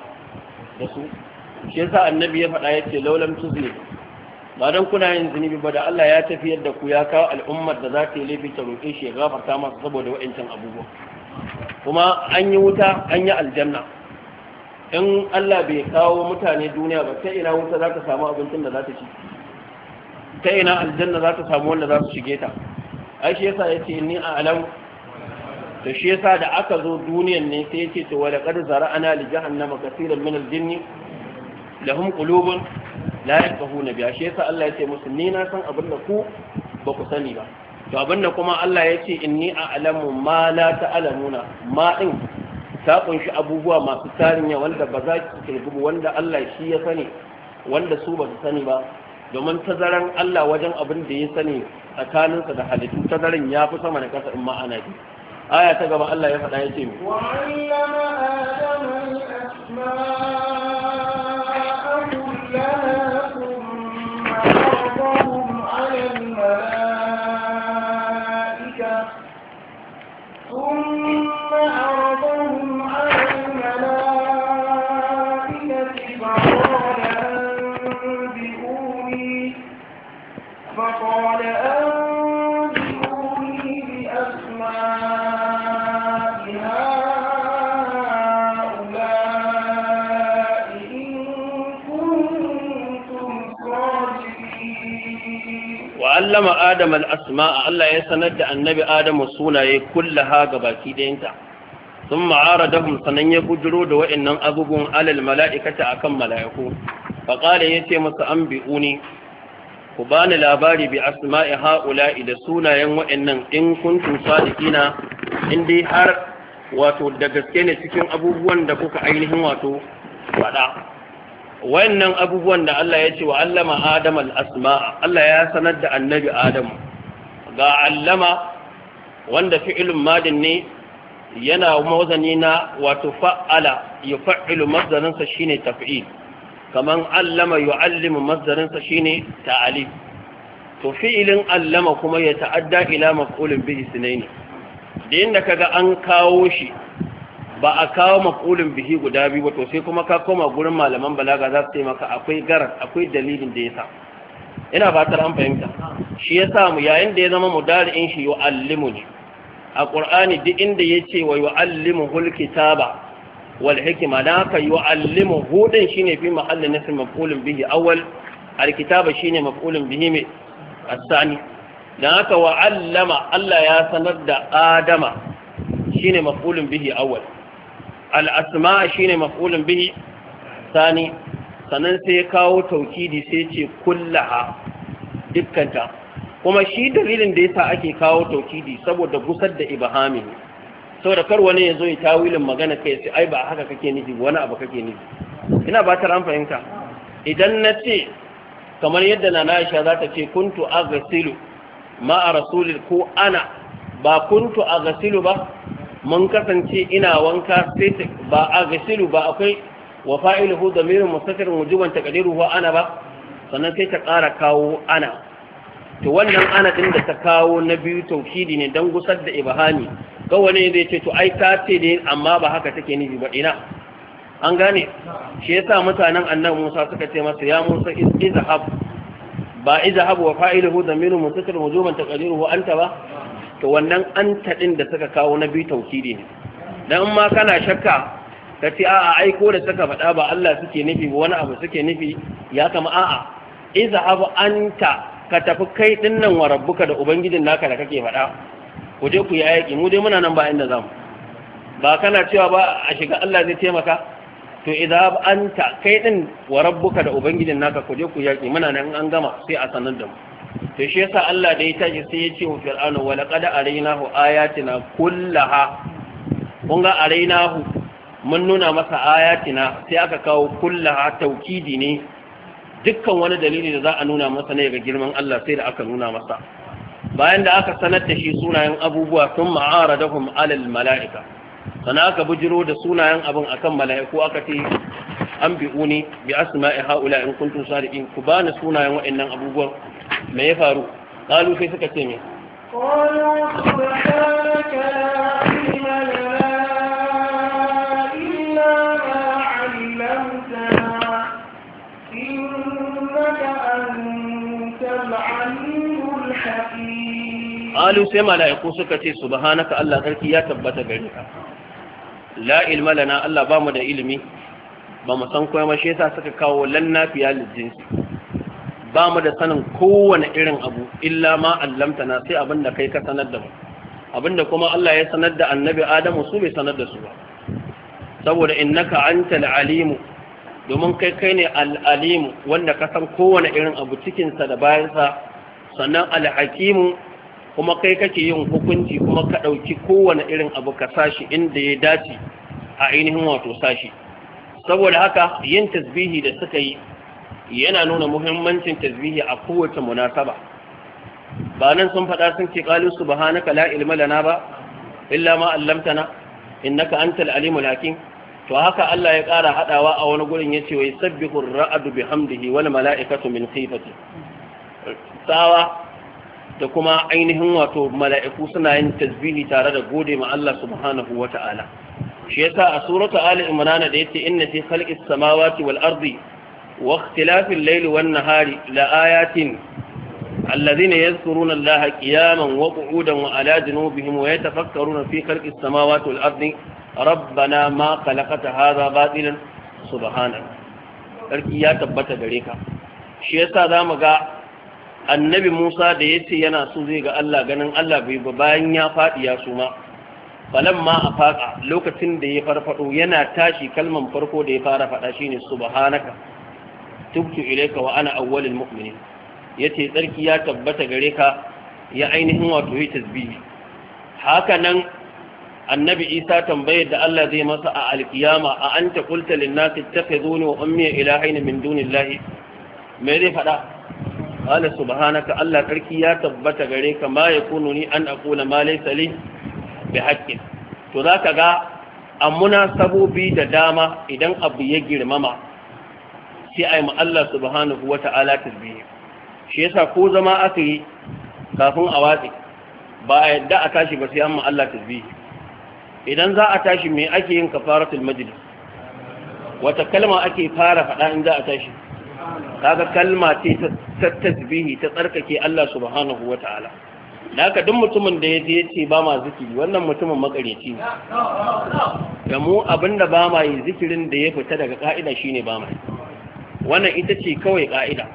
da su shi yasa annabi ya faɗa ya yace laulam tuzli ba don kuna yin zunubi ba da Allah ya tafiyar da ku ya kawo al'ummar da za ta yi laifin ta roƙe shi ya gafarta masa saboda wa'ancan abubuwa kuma an yi wuta an yi aljanna in Allah bai kawo mutane duniya ba ta ina wuta za ta samu abincin da za ta ci ta ina aljanna za ta samu wanda za su shige ta ai shi yasa yace ni a alam to shi yasa da aka zo duniyan ne sai yace to wa laqad zara'ana li jahannama kaseeran min al-jinni lahum qulubun la na biya shi yasa Allah ya ce musu ni na san abin da ku ba ku sani ba to abin da kuma Allah ya ce inni a'lamu ma la alamuna ma ta kunshi abubuwa masu tarin yawa wanda ba za ki kirgubu wanda Allah shi ya sani wanda su ba su sani ba domin tazaran Allah wajen abin da ya sani tsakaninsa da halittu tazaran ya fi sama da kasa in ma ana aya ta gaba Allah ya faɗa ya ce mu wa'allama adama al-asma allama adam al-asma'a Allah ya sanar da annabi adamu sunaye kullaha baki ɗayanta, sun ma'aradahum sanan ya bujiro da wa'annan abubuwan alal mala'ikata a kan mala'iku faqala yace musu anbi'uni ku bani labari bi asma'i ha'ula'i da sunayen wa'annan in kuntum sadiqina in dai har wato da gaske ne cikin abubuwan da kuka ainihin wato faɗa Wannan abubuwan da Allah ya ce wa allama adam al-asma'a Allah ya sanar da annabi adam ga allama wanda fi'ilun madin ne yana mawazani na wato fa'ala fa’ilu mazdarin shi shine tafi'i, kamar allama yu'allimu mazdarin shi shine ta'ali. to fi'ilin allama kuma ya ta'adda ila maf'ulin bihi ne. da da kaga an kawo shi ba a kawo makulin bihi guda biyu ba to sai kuma ka koma gurin malaman balaga za su maka akwai garas akwai dalilin da ya sa ina fatar an fahimta shi ya samu yayin da ya zama mudari'in shi yu'allimu ne a ƙur'ani duk inda ya ce wa yu'allimu kitaba wal hikima dan haka yu'allimu hudin shine fi mahallin nasb maf'ulun bihi awwal alkitaba shine maf'ulun bihi mai asani dan haka wa Allah ya sanar da adama shine mafulin bihi awwal al'asma shi ne mafulin bihi sani sannan sai ya kawo taukidi sai ce kullaha dukkanta kuma shi dalilin da yasa ake kawo taukidi saboda gusar da ibahami saboda kar wani ya zo ya tawilin magana kai sai ai ba haka kake nufi wani abu kake nufi ina ba ta ran fahimta idan na ce kamar yadda na Aisha za ta ce kuntu a gasilu ma a rasulil ko ana ba kuntu a gasilu ba mun kasance ina wanka sai ba a gashiru ba akwai wa fa'iluhu damirun mustatir wujuban wa ana ba sannan sai ta ƙara kawo ana to wannan ana din da ta kawo na biyu tauhidi ne dan gusar da ibahani ga wani zai ce to ai ta ce ne amma ba haka take ni ba ina an gane shi yasa mutanen annabi Musa suka ce masa ya Musa izhab ba izhab wa fa'iluhu damirun mustatir wujuban Takadiru, anta ba to wannan an taɗin da suka kawo na biyu taukidi ne don ma kana shakka ka ce a'a aiko da suka faɗa ba Allah suke nufi ba wani abu suke nufi ya kama a'a iza abu ta ka tafi kai ɗin nan wa rabbuka da ubangijin naka da kake faɗa ku je ku yi aiki mu dai muna nan ba inda zamu ba kana cewa ba a shiga Allah zai taimaka to idan anta kai din wa rabbuka da ubangijin naka ku je ku yaki muna nan an gama sai a sanar da mu to shi yasa Allah da ya tashi sai ya ce wa fir'aunu wa laqad araynahu ayatina kullaha kun ga araynahu mun nuna masa ayatina sai aka kawo kullaha taukidi ne dukkan wani dalili da za a nuna masa ne ga girman Allah sai da aka nuna masa bayan da aka sanar da shi sunayen abubuwa sun ma'ara da kuma alal mala'ika sana aka bujiro da sunayen abin akan mala'iku aka ce an bi'uni bi asma'i ha'ula in kuntum sadiqin ku bani sunayen waɗannan abubuwan me ya faru kalu sai suka ce me Alu sai mala’iku suka ce, Subhanaka Allah sarki ya tabbata gari ka, la Allah ba mu da ilimi, ba mu san kuma shi yasa suka kawo lannafiya lijinsu, ba mu da sanin kowane irin abu illa ma na sai abin da kai ka sanar da mu abin da kuma Allah ya sanar da annabi Adamu su bai sanar da su ba saboda innaka antal alimu domin kai kai ne al alim wanda ka san kowane irin abu cikin sa da bayan sa sannan al hakim kuma kai kake yin hukunci kuma ka dauki kowane irin abu ka sashi inda ya dace a ainihin wato sashi saboda haka yin tasbihi da suka yi yana nuna muhimmancin tasbihi a kowace munasaba ba nan sun faɗa sun ce qalu subhanaka la ilma lana ba illa ma allamtana innaka antal alimul hakim to haka Allah ya ƙara haɗawa a wani gurin ya ce wai sabbihu ra'adu bihamdihi wal mala'ikatu min khifati tsawa da kuma ainihin wato mala'iku suna yin tasbihi tare da gode ma Allah subhanahu wata'ala shi yasa a suratu ali imran da yace inna fi khalqis samawati wal ardi واختلاف الليل والنهار لآيات الذين يذكرون الله قياما وقعودا وعلى جنوبهم ويتفكرون في خلق السماوات والأرض ربنا ما خلقت هذا باطلا سبحانك sarki ya tabbata gare ka shi yasa zamu ga annabi Musa da yace yana so zai ga Allah ganin Allah bai ba bayan ya faɗi ya suma falan ma a faƙa lokacin da ya farfaɗo yana tashi kalman farko da ya fara faɗa shine subhanaka tubtu ilayka wa ana awwalul mu'minin yace tsarki ya tabbata gare ka ya ainihin wato yi tasbihi haka nan annabi isa tambayar da Allah zai masa a alkiyama a anta qulta lin nasi ittakhizuni wa ummi ilahaina min dunillahi me zai fada qala subhanaka Allah sarki ya tabbata gare ka ma yakunu ni an aqula ma laysa li bi haqqin to zaka ga amuna sabobi da dama idan abu ya girmama sai a yi Allah subhanahu wa ta'ala tasbihi shi yasa ko zama aka yi kafin a watsi ba a yadda a tashi ba sai an Allah tasbihi idan za a tashi me ake yin kafaratul majlis wata kalma ake fara faɗa in za a tashi kaga kalma ce ta tasbihi ta tsarkake Allah subhanahu wa ta'ala da haka duk mutumin da ya je ce ba ma zikiri wannan mutumin makareci ne da mu abinda ba ma yi zikirin da ya fita daga ka'ida shine ba ma yi wannan ita ce kawai ƙa'ida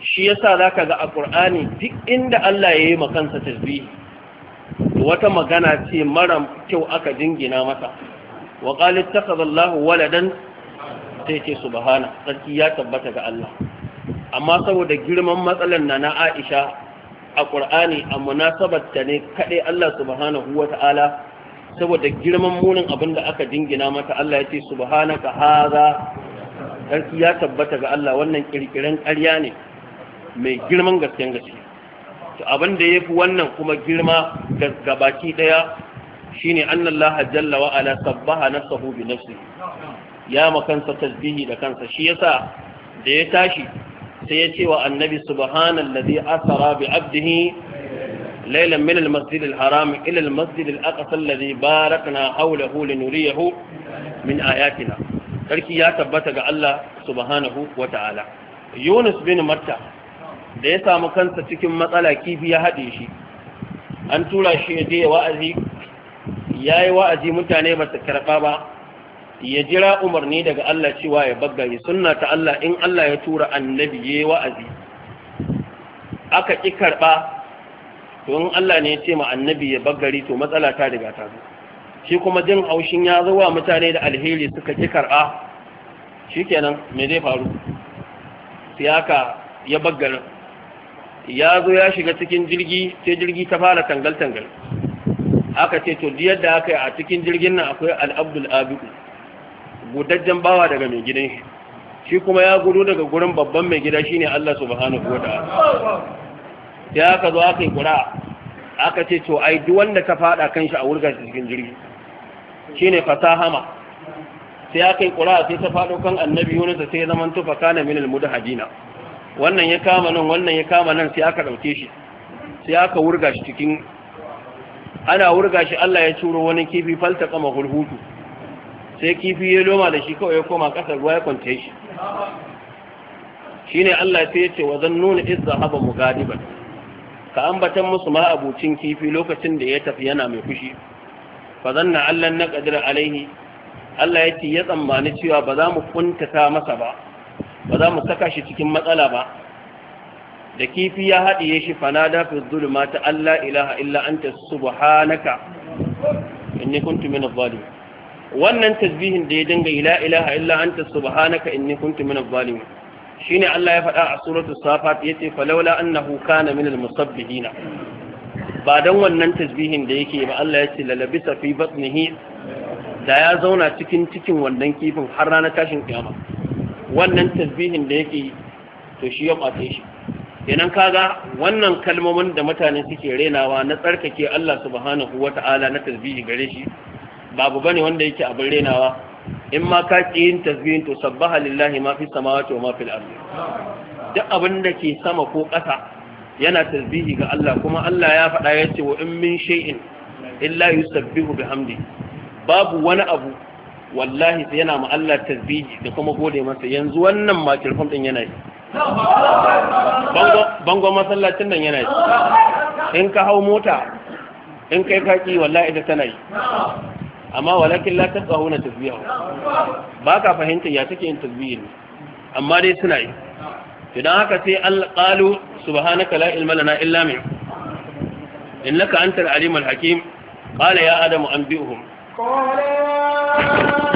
shi yasa za ka ga a ƙur'ani duk inda Allah ya yi makansa tasbihi wata magana ce mara kyau aka dingina masa wa qalat takhadallahu waladan sai ce subhana sarki ya tabbata ga Allah amma saboda girman matsalar na na Aisha a ƙurani a munasabarta ne kaɗai Allah huwa ta'ala, saboda girman munin abin da aka dingina mata Allah ya ce ka haza. sarki ya tabbata ga Allah wannan kirkiren ƙarya ne mai girman gaskiyar gaske to abin da yafi wannan kuma girma ga baki daya shine annallaha jalla wa ala sabbaha nafsuhu bi nafsi ya makansa tasbihi da kansa shi yasa da ya tashi sai ya ce wa annabi subhanallazi asara bi abdihi laylan min almasjid alharam ila almasjid alaqsa alladhi barakna hawlahu linuriyahu min ayatina sarki ya tabbata ga Allah subhanahu wa ta'ala Yunus bin Matta da ya samu kansa cikin matsala kifi ya haɗe shi an tura shi ya je wa'azi ya yi wa'azi mutane ba su karɓa ba ya jira umarni daga Allah cewa ya baggari sunna ta Allah in Allah ya tura annabi ya yi wa'azi aka ƙi karɓa to in Allah ne ya ce ma annabi ya baggari to matsala ta daga ta zo shi kuma jin aushin ya zo wa mutane da alheri suka ki karɓa nan, me zai faru siyaka ya baggarin ya zo ya shiga cikin jirgi sai jirgi ta fara tangal-tangal aka ce to diyar da aka yi a cikin jirgin nan akwai al'abdul abu Gudajen bawa daga mai gidan shi shi kuma ya gudu daga gurin babban mai gida shine Allah subhanahu wa ta'ala sai aka zo aka yi kura aka ce to ai duk wanda ta fada kan shi a wurga cikin jirgi shine fasahama sai ya kai ƙura sai ta faɗo kan annabi Yunus sai ya zamanto fa kana min al-mudahajina wannan ya kama nan wannan ya kama nan sai aka dauke shi sai aka wurga shi cikin ana wurga shi Allah ya turo wani kifi falta kama hulhutu sai kifi ya loma da shi kawai ya koma ƙasar ruwa ya kwance shi shine Allah sai ya ce wa zannuna iz haba mugadiban ka ambatan musu ma abucin kifi lokacin da ya tafi yana mai fushi fa na allan na qadira alaihi Allah ya ce ya tsammani cewa ba za mu kuntata masa ba ba za mu saka shi cikin matsala ba da kifi ya haɗiye shi fanada fi zulma ta Allah ilaha illa anta subhanaka inni kuntu min adh wannan tasbihin da ya dinga ila ilaha illa an anta subhanaka inni kuntu min adh-dhalim shine Allah ya faɗa a suratu safat yace falawla annahu kana min al-musabbihin ba don wannan tasbihin da yake ba Allah ya ce lalabisa fi batnihi da ya zauna cikin cikin wannan kifin har ranar tashin kiyama wannan tasbihin da yake to shi ya kwace shi kenan kaga wannan kalmomin da mutane suke renawa na tsarkake Allah subhanahu wata'ala na tasbihi gare shi babu bane wanda yake abin renawa in ma ka ki tasbihin to sabbaha lillahi ma fi samawati wa ma fil ardi duk abin da ke sama ko ƙasa yana tasbihi ga Allah kuma Allah ya faɗa ya ce wa in min shay'in illa yusabbihu bihamdi babu wani abu wallahi sai yana ma Allah tasbihi da kuma gode masa yanzu wannan makirfon din yana yi bangon masallacin nan yana yi in ka hau mota in kai kaki wallahi da tana yi amma walakin la na tasbihu ba ka fahimta ya take yin tasbihi amma dai suna yi idan haka sai alƙalu subhanaka la ilma lana illa min innaka antal alimul hakim qala ya adamu anbi'uhum qala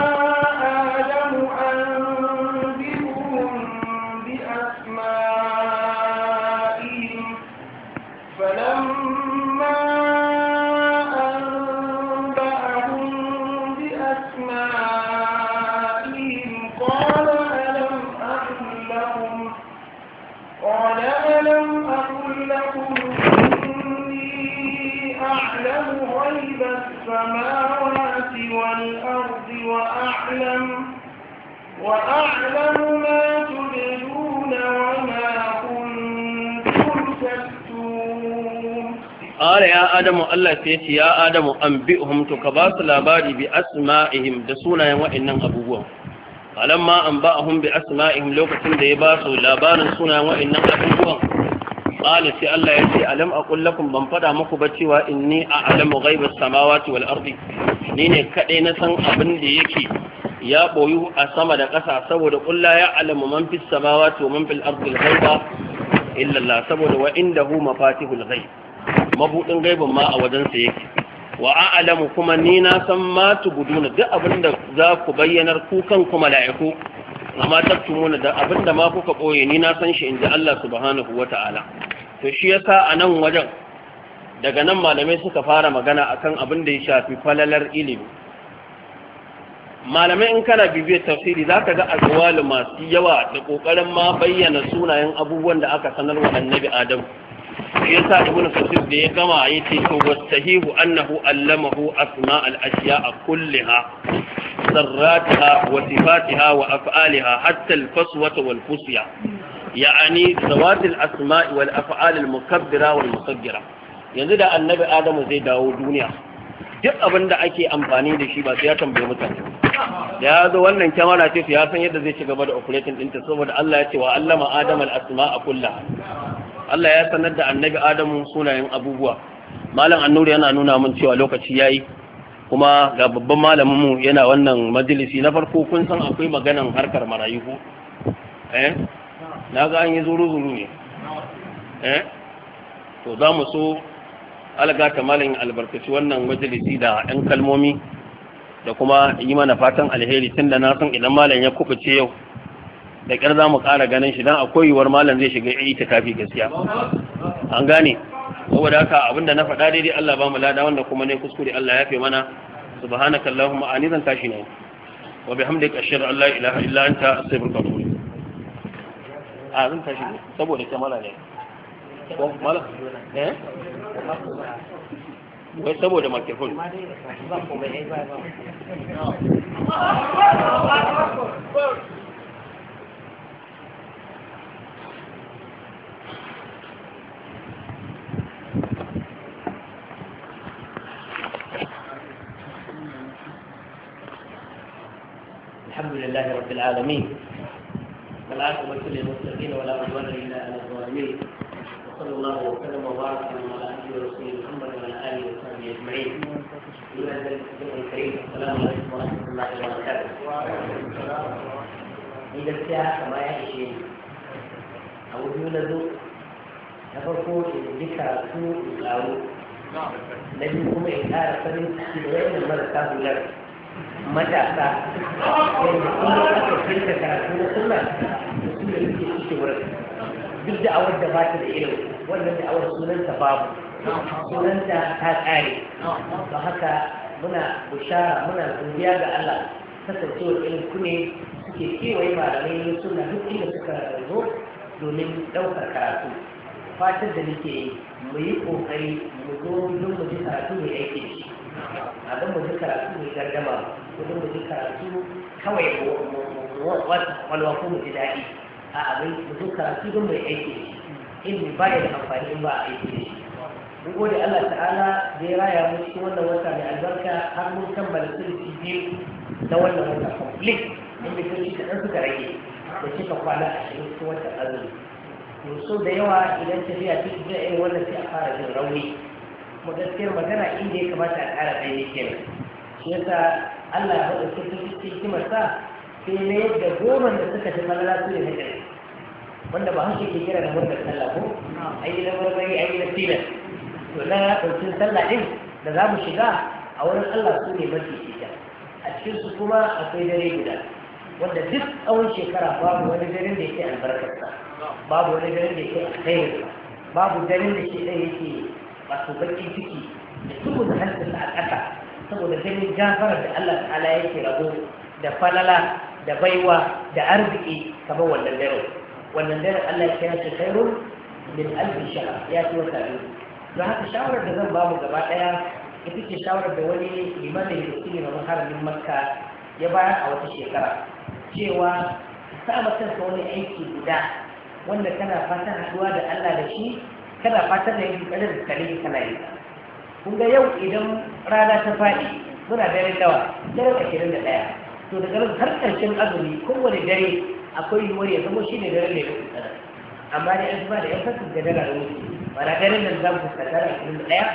السماوات والأرض وأعلم وأعلم ما تبدون وما Ƙara ya Adamu Allah sai ce ya Adamu an bi ahumtu ba su labari bi asma'ihim da sunayen wa’innan abubuwan. Alamma an ba ahun bi asma'ihim lokacin da ya ba su labarin sunayen wa’innan abubuwan. qala sai Allah ya ce alam aqul lakum ban fada muku ba cewa inni a'lamu ghaibas samawati wal ardi ni ne kadai na san abin da yake ya boyu a sama da ƙasa saboda kulla ya alamu man fis samawati wa man fil ardi ghaiba illa Allah saboda wa indahu mafatihul ghaib mabudin gaibin ma a wajen sa yake wa a'lamu kuma ni na san ma tubuduna duk abin da za ku bayyanar ku kan ku amma muna da abin da ma kuka ɓoye ni na san shi inda Allah subhanahu wata'ala to shi yasa a nan wajen daga nan malamai suka fara magana akan abin da ya shafi falalar ilimi malamai in kana bibiyar tafsiri za ka ga alwali masu yawa da ƙoƙarin ma bayyana sunayen abubuwan da aka sanar wa annabi adamu shi yasa ibn kasir da ya gama yace to wasahihu annahu allamahu asma al ashya'a kullaha sarrataha wa sifatiha wa af'aliha hatta al faswata wal fusya ya'ani zawat al asma' wal af'al al mukabbira wal musaggira yanzu da annabi adamu zai dawo duniya duk abin da ake amfani da shi ba sai ya tambaye mutane ya zo wannan kyamara ce su ya san yadda zai ci gaba da operating ɗinta saboda Allah ya ce wa allama adam al asma a kulla Allah ya sanar da annabi Adamu sunayen abubuwa malam annuri yana nuna mun cewa lokaci yayi kuma ga babban malaminmu yana wannan majalisi na farko kun san akwai maganan harkar marayu eh na ga an yi zuru zuru ne eh to za mu so alga ta malamin albarkaci wannan majalisi da yan kalmomi da kuma yi mana fatan alheri tunda na san idan malam ya kubuce yau da ƙar za mu ƙara ganin shi don akwai yiwuwar malam zai shiga yi ta kafi gaskiya an gane saboda haka abinda na faɗa daidai Allah ba mu lada wanda kuma ne kuskure Allah ya fi mana subhanaka allahumma ani zan tashi ne wa bihamdika ashhadu an la ilaha illa anta astaghfiruka wa atubu a zan tashi ne saboda kamala ne ko mala eh wai saboda microphone ba الحمد لله رب العالمين والعاقبة للمتقين ولا عدوان إلا على الظالمين وصلى الله وسلم وبارك على عبده ورسوله محمد وعلى آله وصحبه أجمعين إلى ذلك الكريم السلام عليكم ورحمة الله وبركاته إذا استعاء ما يعيشين أو يولدوا نفرقوا ذكر سوء الأول نجم كما إنهار فمن تحكي غير الملكة بلغة matasa yanzu kuma aka da karatu na suna su ne suke wurin duk da awar da ba ta da irin wannan da awar sunanta babu sunanta ta kare ba haka muna bushara muna godiya ga Allah kasancewar irin ku ne suke kewaye malamai ne suna duk inda suka zo domin ɗaukar karatu fatar da nake yi mu yi ƙoƙari mu zo don mu ji karatu mai aiki da abin mu ji karatu mai gardama abin mu ji karatu kawai wasu kwalwa ko mu ji daɗi a abin da su karatu don mai aiki In shi ba ya amfani in ba a aiki da shi mun gode Allah ta'ala da ya raya mu cikin wannan wata mai albarka har mun kammala sirri biyu na wannan wata complete inda sun shi kaɗan suka rage da ka kwana ashirin cikin wata azumi to da yawa idan tafiya ta irin wannan sai a fara jin rauni kuma gaskiyar magana inda ya kamata a ƙara ne kenan shi yasa Allah ya faɗa cikin hikimar sa sai na yadda goma da suka fi malala su ne na wanda ba hanshi ke kira da murnar sallah ko Ayi na marmari ayi na tilas to na ɗaukin sallah ɗin da za mu shiga a wurin Allah su ne mafi shiga a cikin su kuma akwai dare guda wanda duk tsawon shekara babu wani daren da yake albarkarsa babu wani daren da yake alkhairinsa babu daren da shi ɗaya yake wato baƙin ciki da tubu da hancinsa a ƙasa saboda ganin gafarar da Allah ta'ala yake rabo da falala da baiwa da arziki kamar wannan dare wannan dare Allah ya kira shi khairun min alfi shara ya ci wata biyu don haka shawarar da zan ba mu gaba ɗaya ita ce shawarar da wani limanin da suke na haramin makka ya bayar a wata shekara cewa sa kanka wani aiki guda wanda kana fatan haɗuwa da Allah da shi kana fatan da yin ƙarin kare kana yi kun ga yau idan rana ta faɗi muna da nawa daren ashirin da ɗaya to daga nan har karshen azumi kowane dare akwai yiwuwar ya zama shi ne dare da ya fi amma da yan zuba da yan sassan da dara da wuce mana daren nan zan mu fuskanta da ashirin da ɗaya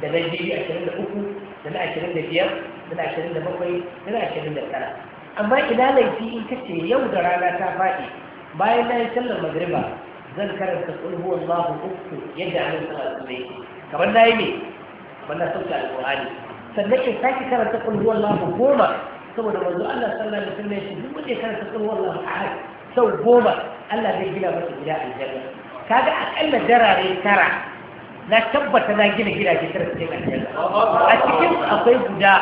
da na biyu ashirin da uku da na ashirin da biyar da na ashirin da bakwai da na ashirin da tara amma ina laifi in kace yau da rana ta faɗi bayan na yi sallar magriba zan karanta kul huwa Allahu ukku yadda annabi sallallahu alaihi wasallam kamar yi ne kamar na sauke alqur'ani sannan in sake karanta kul huwa Allahu goma saboda manzo Allah sallallahu alaihi wasallam ya ce duk wanda ya karanta kul huwa Allahu ahad sau goma Allah zai gina masa gida aljanna kaga akalla darare tara na tabbata na gina gidaje tara cikin aljanna a cikin akwai guda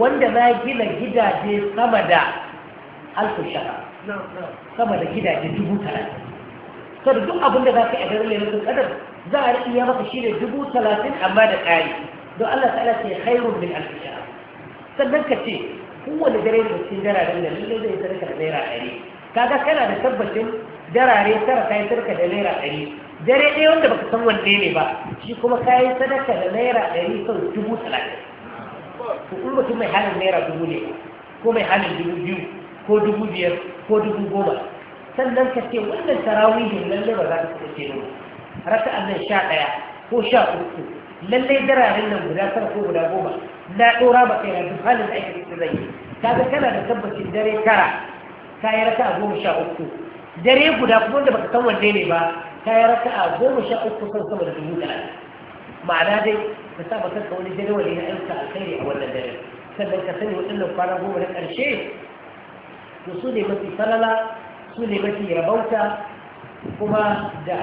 wanda na gina gidaje sama da alfu shaka sama da gidaje dubu talatin kada duk abin da za ka yi a garin lailatul qadar za a riƙi ya maka shine dubu talatin amma da ƙari don Allah ta'ala ce khairun min alf shahr sannan ka ce kowane dare da cikin dararen nan lallai zai sarka da naira ɗari kaga kana da tabbacin darare tara kai sarka da naira ɗari dare ɗaya wanda baka san wanne ne ba shi kuma kayi sadaka da naira ɗari sau dubu talatin to in mutum mai halin naira dubu ne ko mai halin dubu biyu ko dubu biyar ko dubu goma sannan ka ce wannan tarawihin lalle ba za ka taɓa ce nuna a nan sha ɗaya ko sha uku lalle dararen nan guda tara ko guda goma na ɗora ba kai na duk halin da ake cikin zai kaga kana da tabbacin dare tara ka yi raka a goma sha uku dare guda kuma wanda baka san wanne ne ba ka yi raka a goma sha uku kan sama da dubu ɗaya ma'ana dai ka sa bakan ka wani dare wani na ayyuka alkhairi a wannan dare sannan ka sani waɗannan kwana goma na ƙarshe to su ne mafi falala su ne mafi rabauta kuma da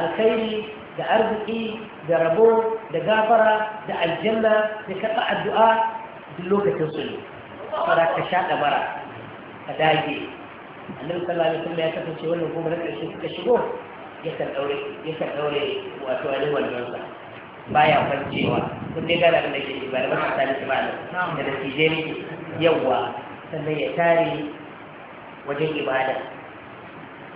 alkhairi da arziki da rabo da gafara da aljanna da kaɗa addu'a duk lokacin su ne fara ka sha ɗabara ka dage annabi sallallahu alaihi wasallam ya kasance wannan kuma na ƙarshe suka shigo yakan ɗaure yakan ɗaure wato wani wandonsa baya kwancewa kun dai gana da ke ba da masu tsari ba da da dattijai yawwa sannan ya tare wajen ibada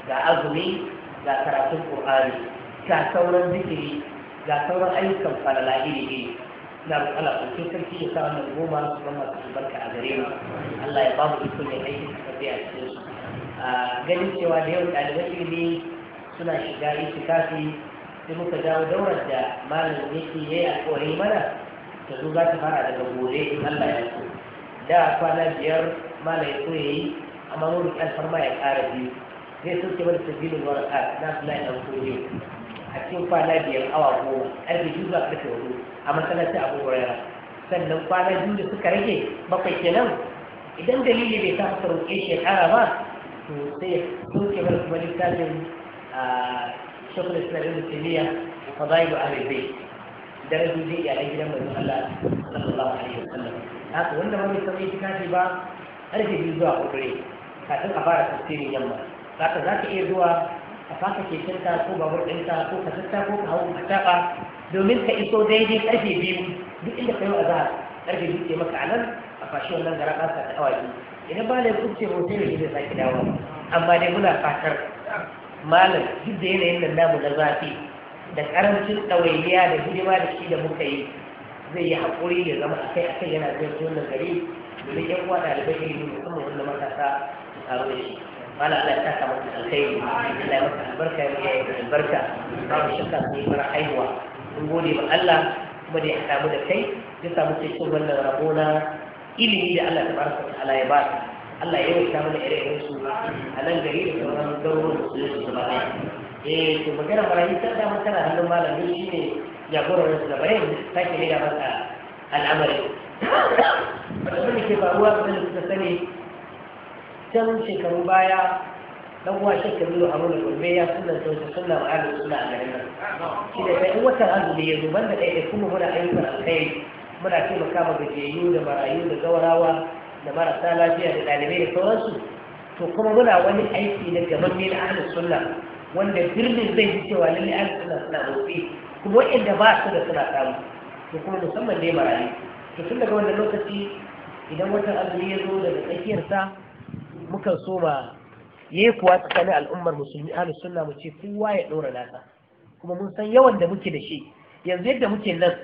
ga azumi ga karatun ƙur'ani ga sauran zikiri ga sauran ayyukan falala iri iri na rukala ko sarki ya sa wannan goma su zama su barka a gare mu Allah ya babu iko ne aiki su a cikin su ganin cewa da yau ɗaliban ilimi suna shiga itikafi sai muka dawo daurar da malamin yake yayi kore mana ta zo za ta fara daga gobe in Allah ya so da kwana biyar malamin so yayi amma mun kan alfarma ya ƙara biyu zai wani mana sabilin waraka na su layin alkoli a cikin kwana biyar awa goma ƙarfe biyu zuwa karfe hudu a masallaci abu hurera sannan kwana biyu da suka rage bakwai kenan idan dalili bai samu ta roƙe shi ya ƙara ba to sai ya ce wani kuma littafin ba islam ibn zai da ahli bayt darajojin iyalan gidan manzon Allah sallallahu alaihi wa sallam haka wanda ba mai sauƙi kitabi ba ke biyu zuwa ƙudure kafin a fara tafsirin yamma haka za ka iya zuwa ka fasa kekenta ko babur ɗinka ko ka ko ka hau ka taɓa domin ka iso daidai karfe biyu duk inda ka yi a zahar ƙarfe biyu ke maka a nan a fashi wannan gara ƙasa ta awaki idan ba da kubce hotel ne zai sake dawo amma dai muna fatar malam duk da yanayin nan namu na zafi da ƙarancin ɗawainiya da hidima da shi da muka yi zai yi haƙuri ya zama akai-akai yana zai wannan gari domin yan uwa ɗalibai ne musamman wanda matasa tare da shi ta kama da alkhairi Allah ya albarka ya yi albarka babu shakka sai mara haihuwa mun gode ma Allah kuma da ya samu da kai ya samu sai cin wannan rabo na ilimi da Allah tabaraka wa ta'ala ya ba Allah ya yawaita mana ire-iren su a nan gari da sauran garuruwan da su ne su zama eh to magana barayi ta tana hannun malami shine jagorar su da ne al'amari ke faruwa da suka sani can shekaru baya dan uwa shekaru da haruna gurbe ya sunan ta wata sunna ma ahlus sunna a garin nan shi da kai watan azumi ya zo banda kai da kuma muna ayyukan alkhairi muna taimaka ma gajiyayyu da marayu da gaurawa da marasa lafiya da ɗalibai da sauransu to kuma muna wani aiki na gaban ne na ahlus sunna wanda birnin zai yi cewa lalle ahlus sunna suna motsi kuma waɗanda ba su da suna samu to kuma musamman dai marayu to tun daga wannan lokaci idan watan azumi ya zo daga tsakiyarsa mukan so ma yi kuwa tsakanin al'ummar musulmi ahlu sunna mu ce kowa ya ɗora nasa kuma mun san yawan da muke da shi yanzu yadda muke nan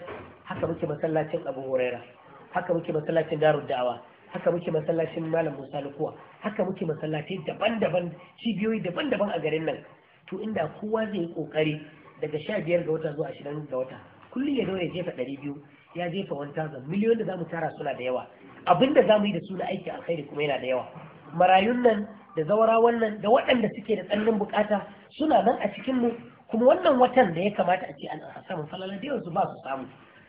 haka muke masallacin abu huraira haka muke masallacin darud da'awa haka muke masallacin malam musa lukuwa haka muke masallacin daban-daban cibiyoyi daban-daban a garin nan to inda kowa zai yi kokari daga sha biyar ga wata zuwa ashirin ga wata kullum ya ya jefa ɗari biyu ya jefa wani tazan miliyon da za mu tara suna da yawa abinda mu yi da su na aiki alkhairi kuma yana da yawa marayun nan da zawara wannan da waɗanda suke da tsananin bukata suna nan a cikin mu kuma wannan watan da ya kamata a ce an samu falala da yanzu ba su samu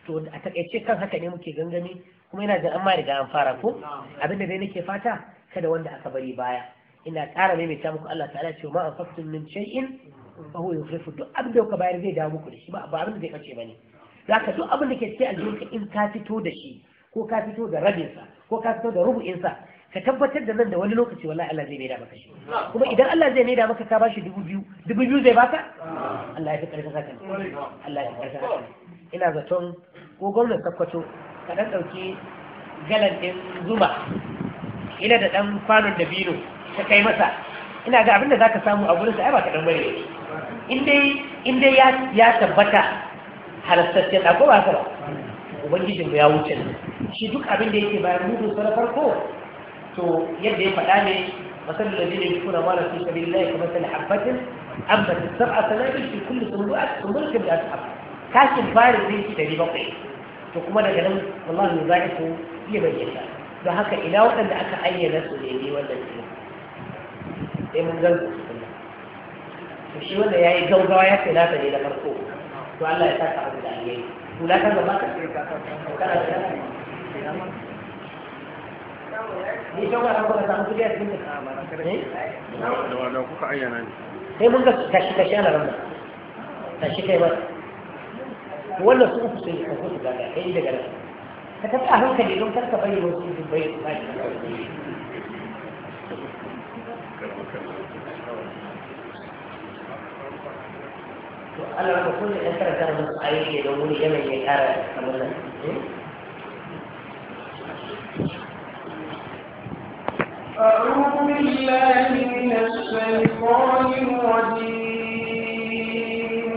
to a takaice kan haka ne muke gangami kuma yana da amma ma riga an fara ko abin da dai nake fata kada wanda aka bari baya ina ƙara maimaita muku Allah ta'ala ce ma an faktun min shay'in fa huwa yufrifu to abin da ka bayar zai dawo muku da shi ba abin da zai kace bane zaka duk abin da ke cikin aljihunka in ka fito da shi ko ka fito da rabinsa ko ka fito da rubu'insa ka tabbatar da nan da wani lokaci wallahi Allah zai maida maka shi kuma idan Allah zai maida maka ka bashi dubu biyu dubu biyu zai baka Allah ya fi karfin haka Allah ya fi karfin haka ina zaton ko gwamnan Sokoto ka dan dauki galan din zuma ina da dan kwanon da bino ka kai masa ina ga abin da zaka samu a gurin sa ai ba ka dan bane in dai in dai ya ya tabbata halastaccen da ko ba ka ba ubangijin ya wuce shi duk abin da yake bayan mutu sa farko to يبدأ ya faɗa ne الذين ينفقون مالا في سبيل الله كمثل حبة أنبتت سبع سنابل في كل صندوق صندوق من أسحاب كاشف فارغ من كتاب بقي فكما نجد والله يضاعفه يمن يشاء فهكا إلى وقت أن أي ناس لإلي ولا لإلي إيه من ذلك مشي ولا يعني جوزة يا ثلاثة إلى مرفوع وألا ni shawara kan baka samu kudi a cikin ah, eh? da kuka ayyana ne sai mun ga kashi ana kai ba wannan su uku sai kusa daga kai daga nan ka tafi a hankali don karka wasu su to Allah ka kulle ɗan karanta da su ayyuke don wani yanayi ya kamar nan eh? أعوذ بالله من الشيطان الرجيم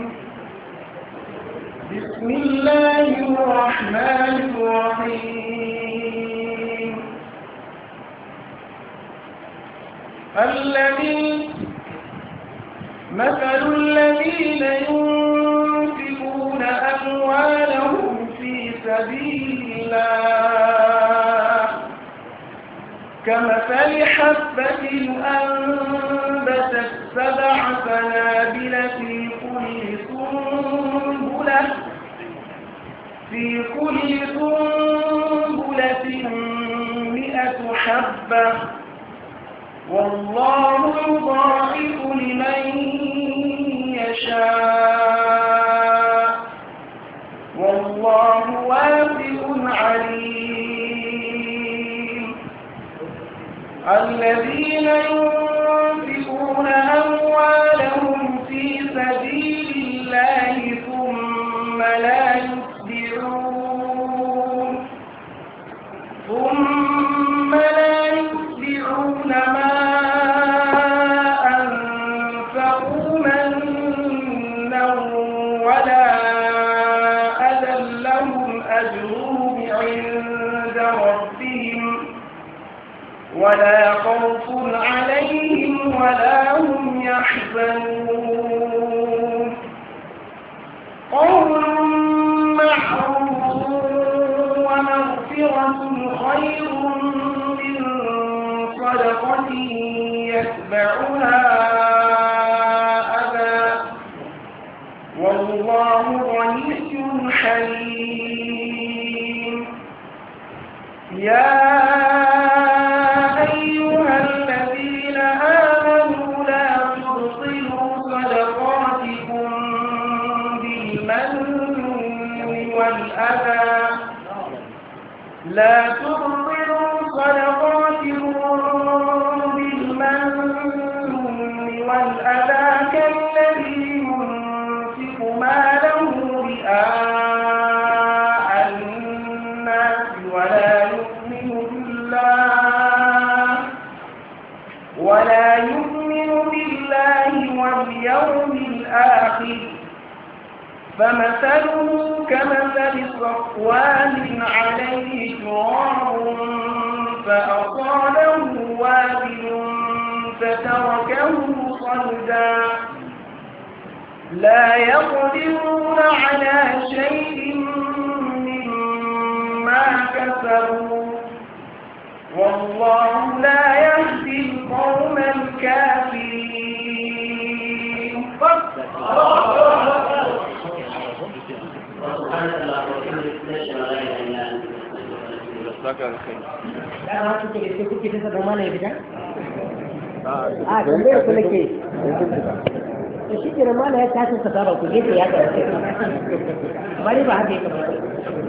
بسم الله الرحمن الرحيم الذي مثل الذين ينفقون أموالهم في سبيل الله كمثل حبة أنبتت سبع سنابل في كل سنبلة في كل سنبلة مئة حبة والله يضاعف لمن يشاء والله واسع عليم الذين ينفقون أموالهم في سبيل الله ثم لا يتبعون ثم لا يتبعون ما ولا خوف عليهم ولا هم يحزنون قول محروف ومغفرة خير من صدقة يتبعها أبا والله غني حليم يا لا تبطلوا صدقاتكم بالمن والأذى كالذي ينفق ماله رئاء الناس ولا يؤمن بالله ولا يؤمن بالله واليوم الآخر فمثله كمثل صفوان عليه شراب فأصاله وابل فتركه صلدا لا يقدرون على شيء مما كسبوا والله لا يهدي القوم الكافرين سبحانك zama a shi ke ya ku ya ba haka ya